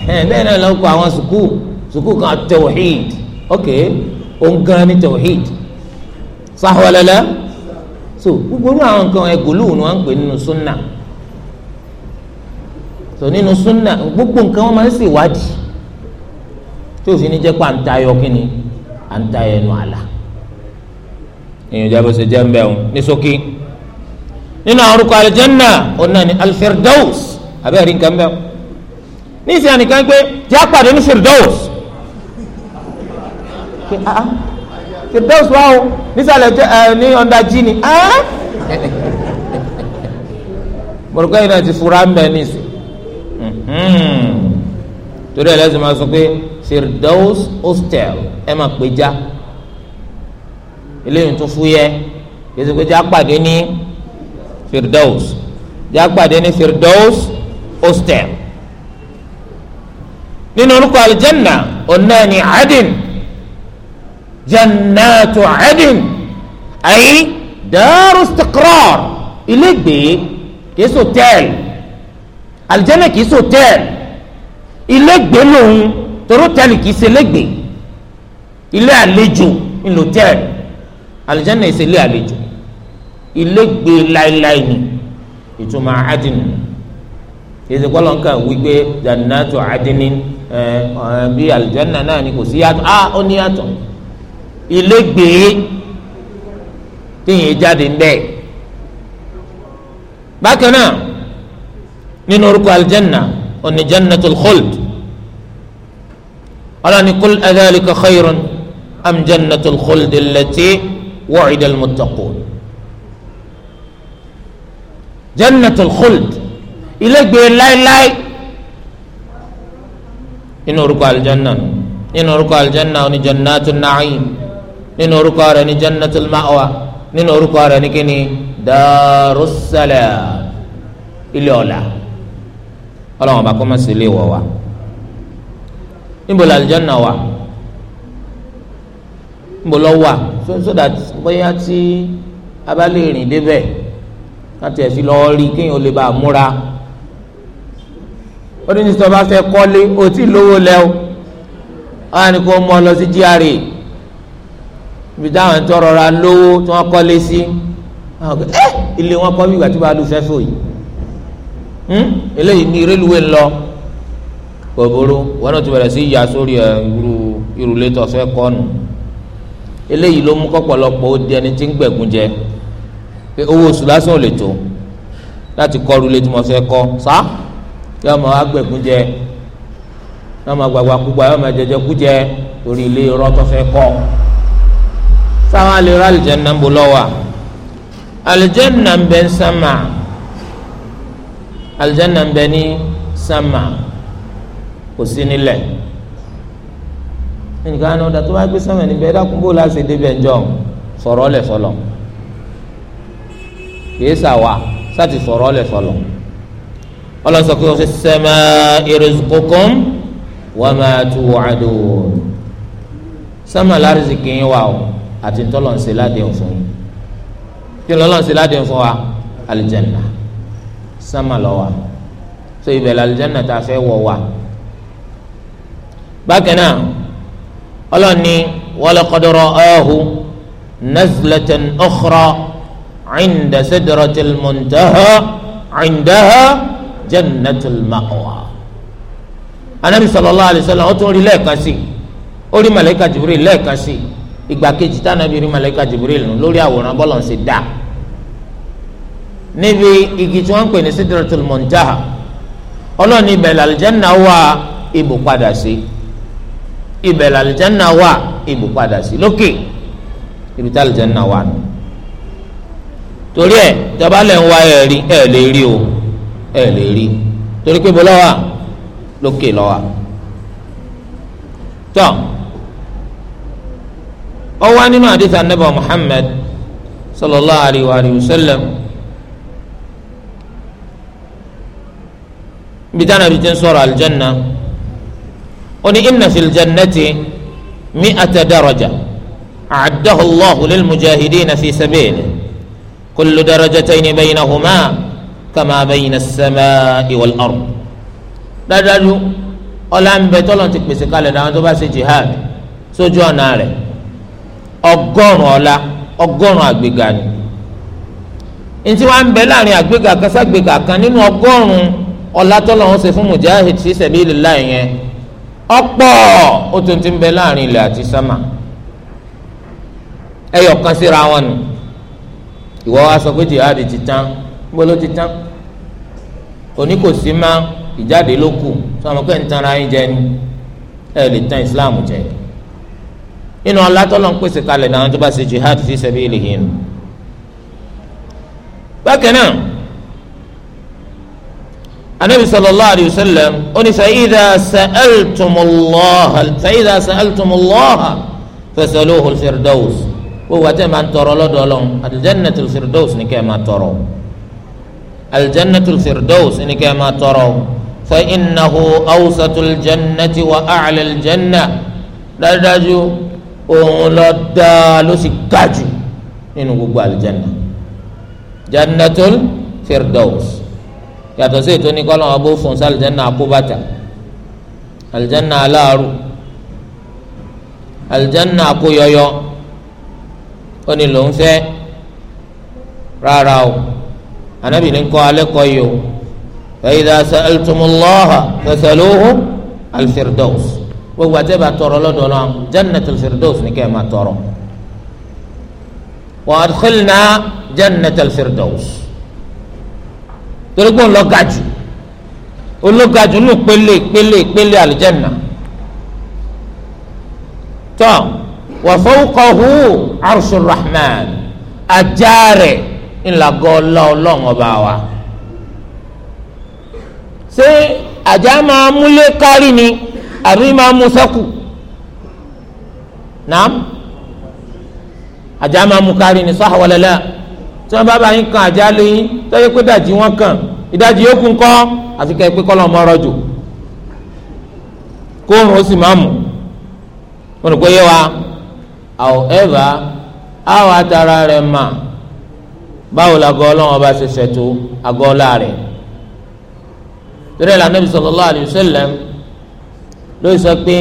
bẹ́ẹ̀ náà ló kọ àwọn sukuu sukuu kan tawhid ok ongan ni tawhid sahwalala so gbogbo àwọn nǹkan ẹgòlù ni wọ́n ń pè nínú sunna so nínú sunna gbogbo nǹkan wọ́n máa ń ṣèwádìí tí òfin ní jẹ́ pé à ń tayọ kínni à ń tayọ ẹnu àlà èèyàn jábọ̀ ṣe jẹ́ ń bẹ̀ ọ́n ní sókè nínú àwọn orúkọ aljanna ọ̀nà ni alfirdaus abẹ́rẹ́ nǹkan bẹ́ẹ̀ ní ìsìn ànìkan pé jẹ́ àpàdé ní Firdaus ah, ah, Firdaus wa o nísàlẹ̀ ẹ ní ọ̀ndà jí ni ah, mọ̀lùkọ́ yìí náà ti fura mẹ́ ní ìsìn mm-hmm. torí ẹ̀ lẹ́sìn máa sọ pé Firdaus hostel ẹ̀ máa pè já eléyìí tó fúyẹ́ yẹtù pé jẹ́ àpàdé ní Firdaus jẹ́ àpàdé ní Firdaus hostel nínú orúkọ aljanna ọ̀nà ni adin jannatu adin ayi daaru istiqrar ilégbèé kìí sọ tẹ́ẹ̀lì aljanna kìí sọ tẹ́ẹ̀lì ilégbèé lòun toró tẹ́ẹ̀lì kìí ṣe légbèé ilé àlejò ńlò tẹ́ẹ̀lì aljanna ìṣe ilé àlejò ilégbèé láéláé ni ìtumọ̀ adin kìí ṣe kọ́lọ́nkà wípé jannatu adinin bí aljanna náà ni kò sí yàtọ̀ a ó ní yàtọ̀ ilé gbèé téèyàn jáde ńbẹ bákan náà nínú orúkọ aljanna òní jannatul khuld ọlọ́ni kul adhalika khayrun am jannatul khuld allati wa'ida almuttaqun jannatul khuld ilé gbèé láéláé nínú orúkọ aljanna nínú orúkọ aljanna ní jannatul na'im nínú orúkọ rẹ̀ ni jannatul ma'wa nínú orúkọ rẹ̀ ni kíni darussalam ilé ọ̀la ọlọ́run ọba kọ́ máa sì lè wọ̀ wá níbo la aljanna wà níbo lọ wà so that bóyá tí a bá lè rìn débẹ̀ láti ẹ̀ fi lọ́ọ́ rí kéèyàn ó lè bá a múra ó ní sọ bá fẹ́ kọ́lé ó ti lówó lẹ́wọ́ wọ́n á ní kó mọ́ ọ lọ sí GRA ibi táwọn tó rọra lówó tí wọ́n kọ́lé sí ẹ ilé wọn kọ́ bí ìgbà tí wọ́n á lu fẹ́fẹ́ yìí hmm? eléyìí ní rélùwé ńlọ gbogbooro wọn náà ti bẹ̀rẹ̀ sí yà sórí ẹ irú irúlé tó fẹ́ kọ́ nù eléyìí ló mú kọ́pọ̀lọpọ̀ ó di ẹni tí ń gbẹ̀gùn jẹ pé owó oṣù lásán ò lè tó láti kọ́ irúlé tí mo fẹ́ kọ́ sáà yóò máa gbẹ̀gùn jẹ yóò máa gbàgbà kúgbà yóò máa jẹjẹ kú jẹ torí ilé irọ́ tó fẹ́ kọ́ sáwọn alẹ́ rà àlùjànnà ń bọ̀ lọ́wọ́ àlùjànnà ń bẹ ń sánmà àlùjànnà ń bẹ ní sánmà kò sí nílẹ̀ ẹnìkan àná ọ̀dà tó gbé sánmà níbẹ̀ dákun bó láti débẹ̀ ń jọ sọ̀rọ̀ lẹ̀ sọ̀lọ̀ kìí sàwà sátì sọ̀rọ̀ lẹ̀ sọ̀lọ̀ ọlọ́sọ pé wọ́n fi sẹ́mà rizqukum wa ma tu'adun sẹ́mà lárísìkì yín wà o àti ntọ́lọ̀ ń ṣe ládìẹ̀ fún yín kí lọ́lọ́ ń ṣe ládìẹ̀ fún wa alìjẹ́nà sẹ́mà lọ́wọ́ so ibẹ̀ làlìjẹ́nà tá a fẹ́ wọ̀ wá bákan náà ọlọ́ni walaqad ra'ahu nazlatan ukhra 'inda sidratil muntaha 'indaha jannatul ma'wa anabi sallallahu alayhi wa sallam ó tún rí lẹ́ẹ̀kan sí ó rí malayika jibril lẹ́ẹ̀kan sí ìgbà kejì tí anabi rí malayika jibril nù lórí àwòrán bọ́lọ̀ ń ṣe dáa níbi igi tí wọ́n ń pè ní sidratul muntaha ọlọ́ọ̀ni ibẹ̀ làlìjánná wà ibù padà sí ibẹ̀ làlìjánná wà ibù padà sí lókè ibi tí àlìjánná wà nù torí ẹ̀ tọ́ba ń wá ẹ̀ lè rí o ẹ lè rí torí pé bọ́lá wà lókè lọ́wà tọ́ ọ wá nínú àdìsá nebà Muhammad sallallahu alayhi wa sallam bí dáná bí ti ń sọ̀rọ̀ aljanna ó ní inna fil jannati mi'ata daraja a'addahu Allahu lil mujahidina fi sabilihi kullu darajatayn baynahuma kama bayna as-samaa'i wal-ard dájúdájú ọlá ń bẹ tọ́lọ̀ ti pèsè kalẹ̀ náà tó bá ṣe jihad sójú ọ̀nà rẹ̀ ọgọ́rùn ọlá ọgọ́rùn àgbéga ni ntí wàá ń bẹ láàrin àgbéga kan ságbéga kan nínú ọgọ́rùn ọlá tọ́lọ̀ wọn ṣe fún mujahid fi sabilillah yẹn ọ̀pọ̀ ó tún ti ń bẹ láàrin ilẹ̀ àti sámà ẹyọ kan síra wọn nù ìwọ wa sọ pé jihad ti tán gbọ́dọ̀ ti tán òní kò sí má ìjáde ló kù sọ ma pé ń tanra yín jẹ ni ẹ lè tan islam jẹ nínú alátọ́lọ́ ń pèsè kalẹ̀ náà tó bá ṣe jihad fi sabilihi nù. bákan náà anabi sallallahu alayhi wa sallam ó ní fa idha sa'altumullaha fa idha wọ́n wá tẹ́ máa ń tọrọ lọ́dọ̀ Ọlọ́run al-jannatul firdaws kẹ́ máa tọrọ aljannatul firdaus ni kẹ́ máa tọrọ fa innahu awsatul jannati wa a'lal janna dájúdájú òun oh, ló dáa ló sì ga jù nínú gbogbo aljanna jannatul firdaus yàtọ̀ sí ètò oníkọ́lọ́ wọn bó fún sí aljanna akóbàtà aljanna aláàrú aljanna akóyọyọ ó ní ló ń fẹ́ rárá o anabi ní kọ́ alẹ́ kọ́ yìí o fa'idha sa'altumullaha fasaluhu alfirdaus gbogbo àti ẹ̀bà tọrọ lọ́dọ̀ náà jannat alfirdaus ní kẹ́ẹ̀ máa tọrọ wa adkhilna jannat alfirdaus torí pé ọlọ́gàjù ọlọ́gàjù nù pélé pélé pélé alìjẹ́nà tọ́ wa fawqahu arshur rahman ajá ńlagọ́ ọlá ọlọ́run ọba wa ṣé àjà máa múlé kárí ni àbí máa mú sẹ́kù nàám àjà máa mú kárí ni sọ́ àwọlẹ́lẹ́ tí wọ́n bá bá yín kan àjà lóyún tọ́jú pé dàjí wọn kàn ìdajì yòókù ńkọ́ àfi ká ẹ kọ́lọ́ ọmọ ọrọ̀ jù kóòrùn ó sì máa mú wọn rò pé yé wa however àwọn atara rẹ̀ máa báwo la gọ́ ọlọ́run ọba ṣe ṣètò àgọ́ ọlá rẹ̀ torí ẹ̀ lànà sallallahu alayhi wa sallam ló sọ pé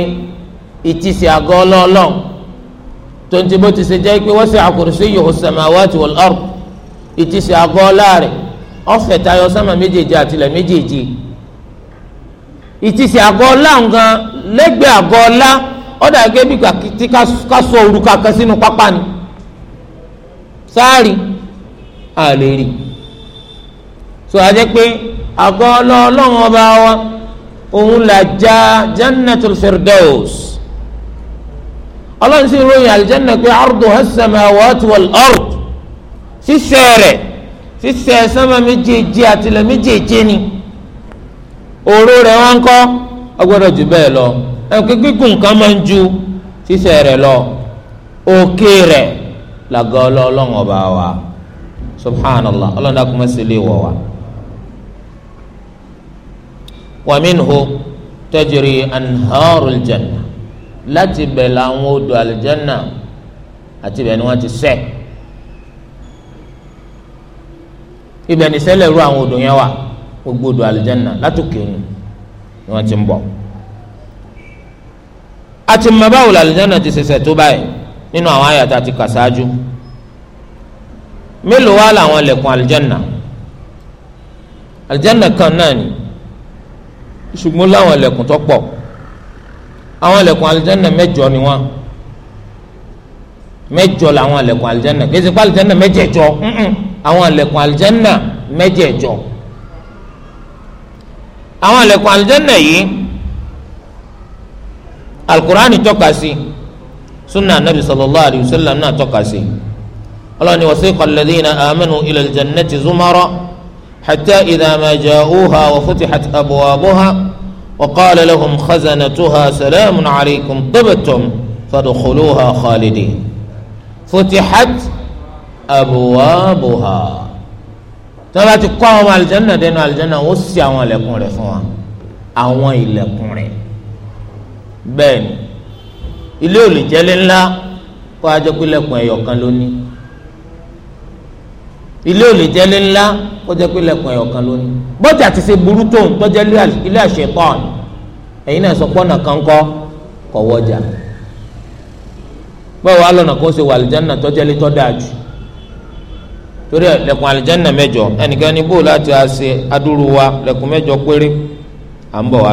ìtìsí àgọ́ ọlọ́ọ̀lọ́n tonti bó ti ṣe jẹ́ pé wasi'a kursiyyuhu as-samawati wal-ard ìtìsí àgọ́ ọlá rẹ̀ ó fẹ̀ tayọ sánmà méjèèjì àtìlẹ̀ méjèèjì ìtìsí àgọ́ ọlá nǹkan lẹ́gbẹ̀ẹ́ àgọ́ ọlá ọ̀dà gẹ́gẹ́ bí kàkítí ká sọ sínú pápá ni sáárì a lè so a jẹ́ pé àgọ́ ọlọ́run ọba wa òun là já jannatul firdaus ọlọ́run sì ròyìn aljanna pé ardu as-samawati wal ard sísẹ rẹ̀ sísẹ sánmà méjèèjì àtìlẹ̀ méjèèjì ni òru rẹ̀ wọ́n kọ́ ọgbọ́dọ̀ jù bẹ́ẹ̀ lọ ẹ̀kọ́ gígùn kan máa ń ju sísẹ rẹ̀ lọ òkè rẹ̀ làgọ́ ọlọ́run ọba wa subhanallah ọlọ́dà kò má sílé wọ̀ wá. wa minhu tajri anharul janna láti bẹ̀ làwọn odò àlùjánà àti ibẹ̀ ni wọ́n ti sẹ́ ibẹ̀ ni sẹ́lẹ̀ ru àwọn odò yẹn wà gbogbo odò àlùjánà látòkè òun ni wọ́n ti ń bọ̀ àti mọ̀ báwo làlùjánà ti ṣẹ̀ṣẹ̀ tó báyìí nínú àwọn àyàtà ti kà sáájú mélòó wá làwọn ilẹ̀kùn aljanna aljanna kan náà ni ṣùgbọ́n láwọn ilẹ̀kùn tó pọ̀ àwọn ilẹ̀kùn aljanna mẹ́jọ ni wọ́n mẹ́jọ làwọn ilẹ̀kùn aljanna kì í ṣe pé aljanna mẹ́jẹ̀jọ àwọn ilẹ̀kùn aljanna mẹ́jẹ̀jọ àwọn ilẹ̀kùn aljanna yìí alukur'ani tọ́ka sí sunna anabi sallallahu alayhi wa sallam náà tọ́ka sí ọlọ́ni wasiqa alladhina amanu ila aljannati zumara hatta idha ma ja'uha wa futihat abwabuha wa qala lahum khazanatuha salamun alaykum tibtum fadkhuluha khalidin futihat abwabuha tí wọ́n bá ti kọ́ àwọn aljanna dẹnu aljanna wọ́n sì àwọn ilẹ̀kùn rẹ̀ fún wa àwọn ilẹ̀kùn rẹ̀ bẹ́ẹ̀ ilé olùjẹ́lé ńlá ilé ò lè jẹ́ ilé ńlá kó jẹ́ pé lẹ́kùn ẹ̀yọ̀ kan lónìí bọ́tì àti ṣe burú tó ń tọ́jú ilé àṣẹ pọ́n ẹ̀yin náà sọ pọ́nà kan kọ́ kọ̀ wọ́jà báwo wà lọ́nà kó ṣe wà àlìjánà tọ́jú ilé tọ́ dáa jù torí lẹ́kùn àlìjánà mẹ́jọ ẹnìkan ní adúrú wa lẹ́kùn mẹ́jọ péré à ń bọ̀ wá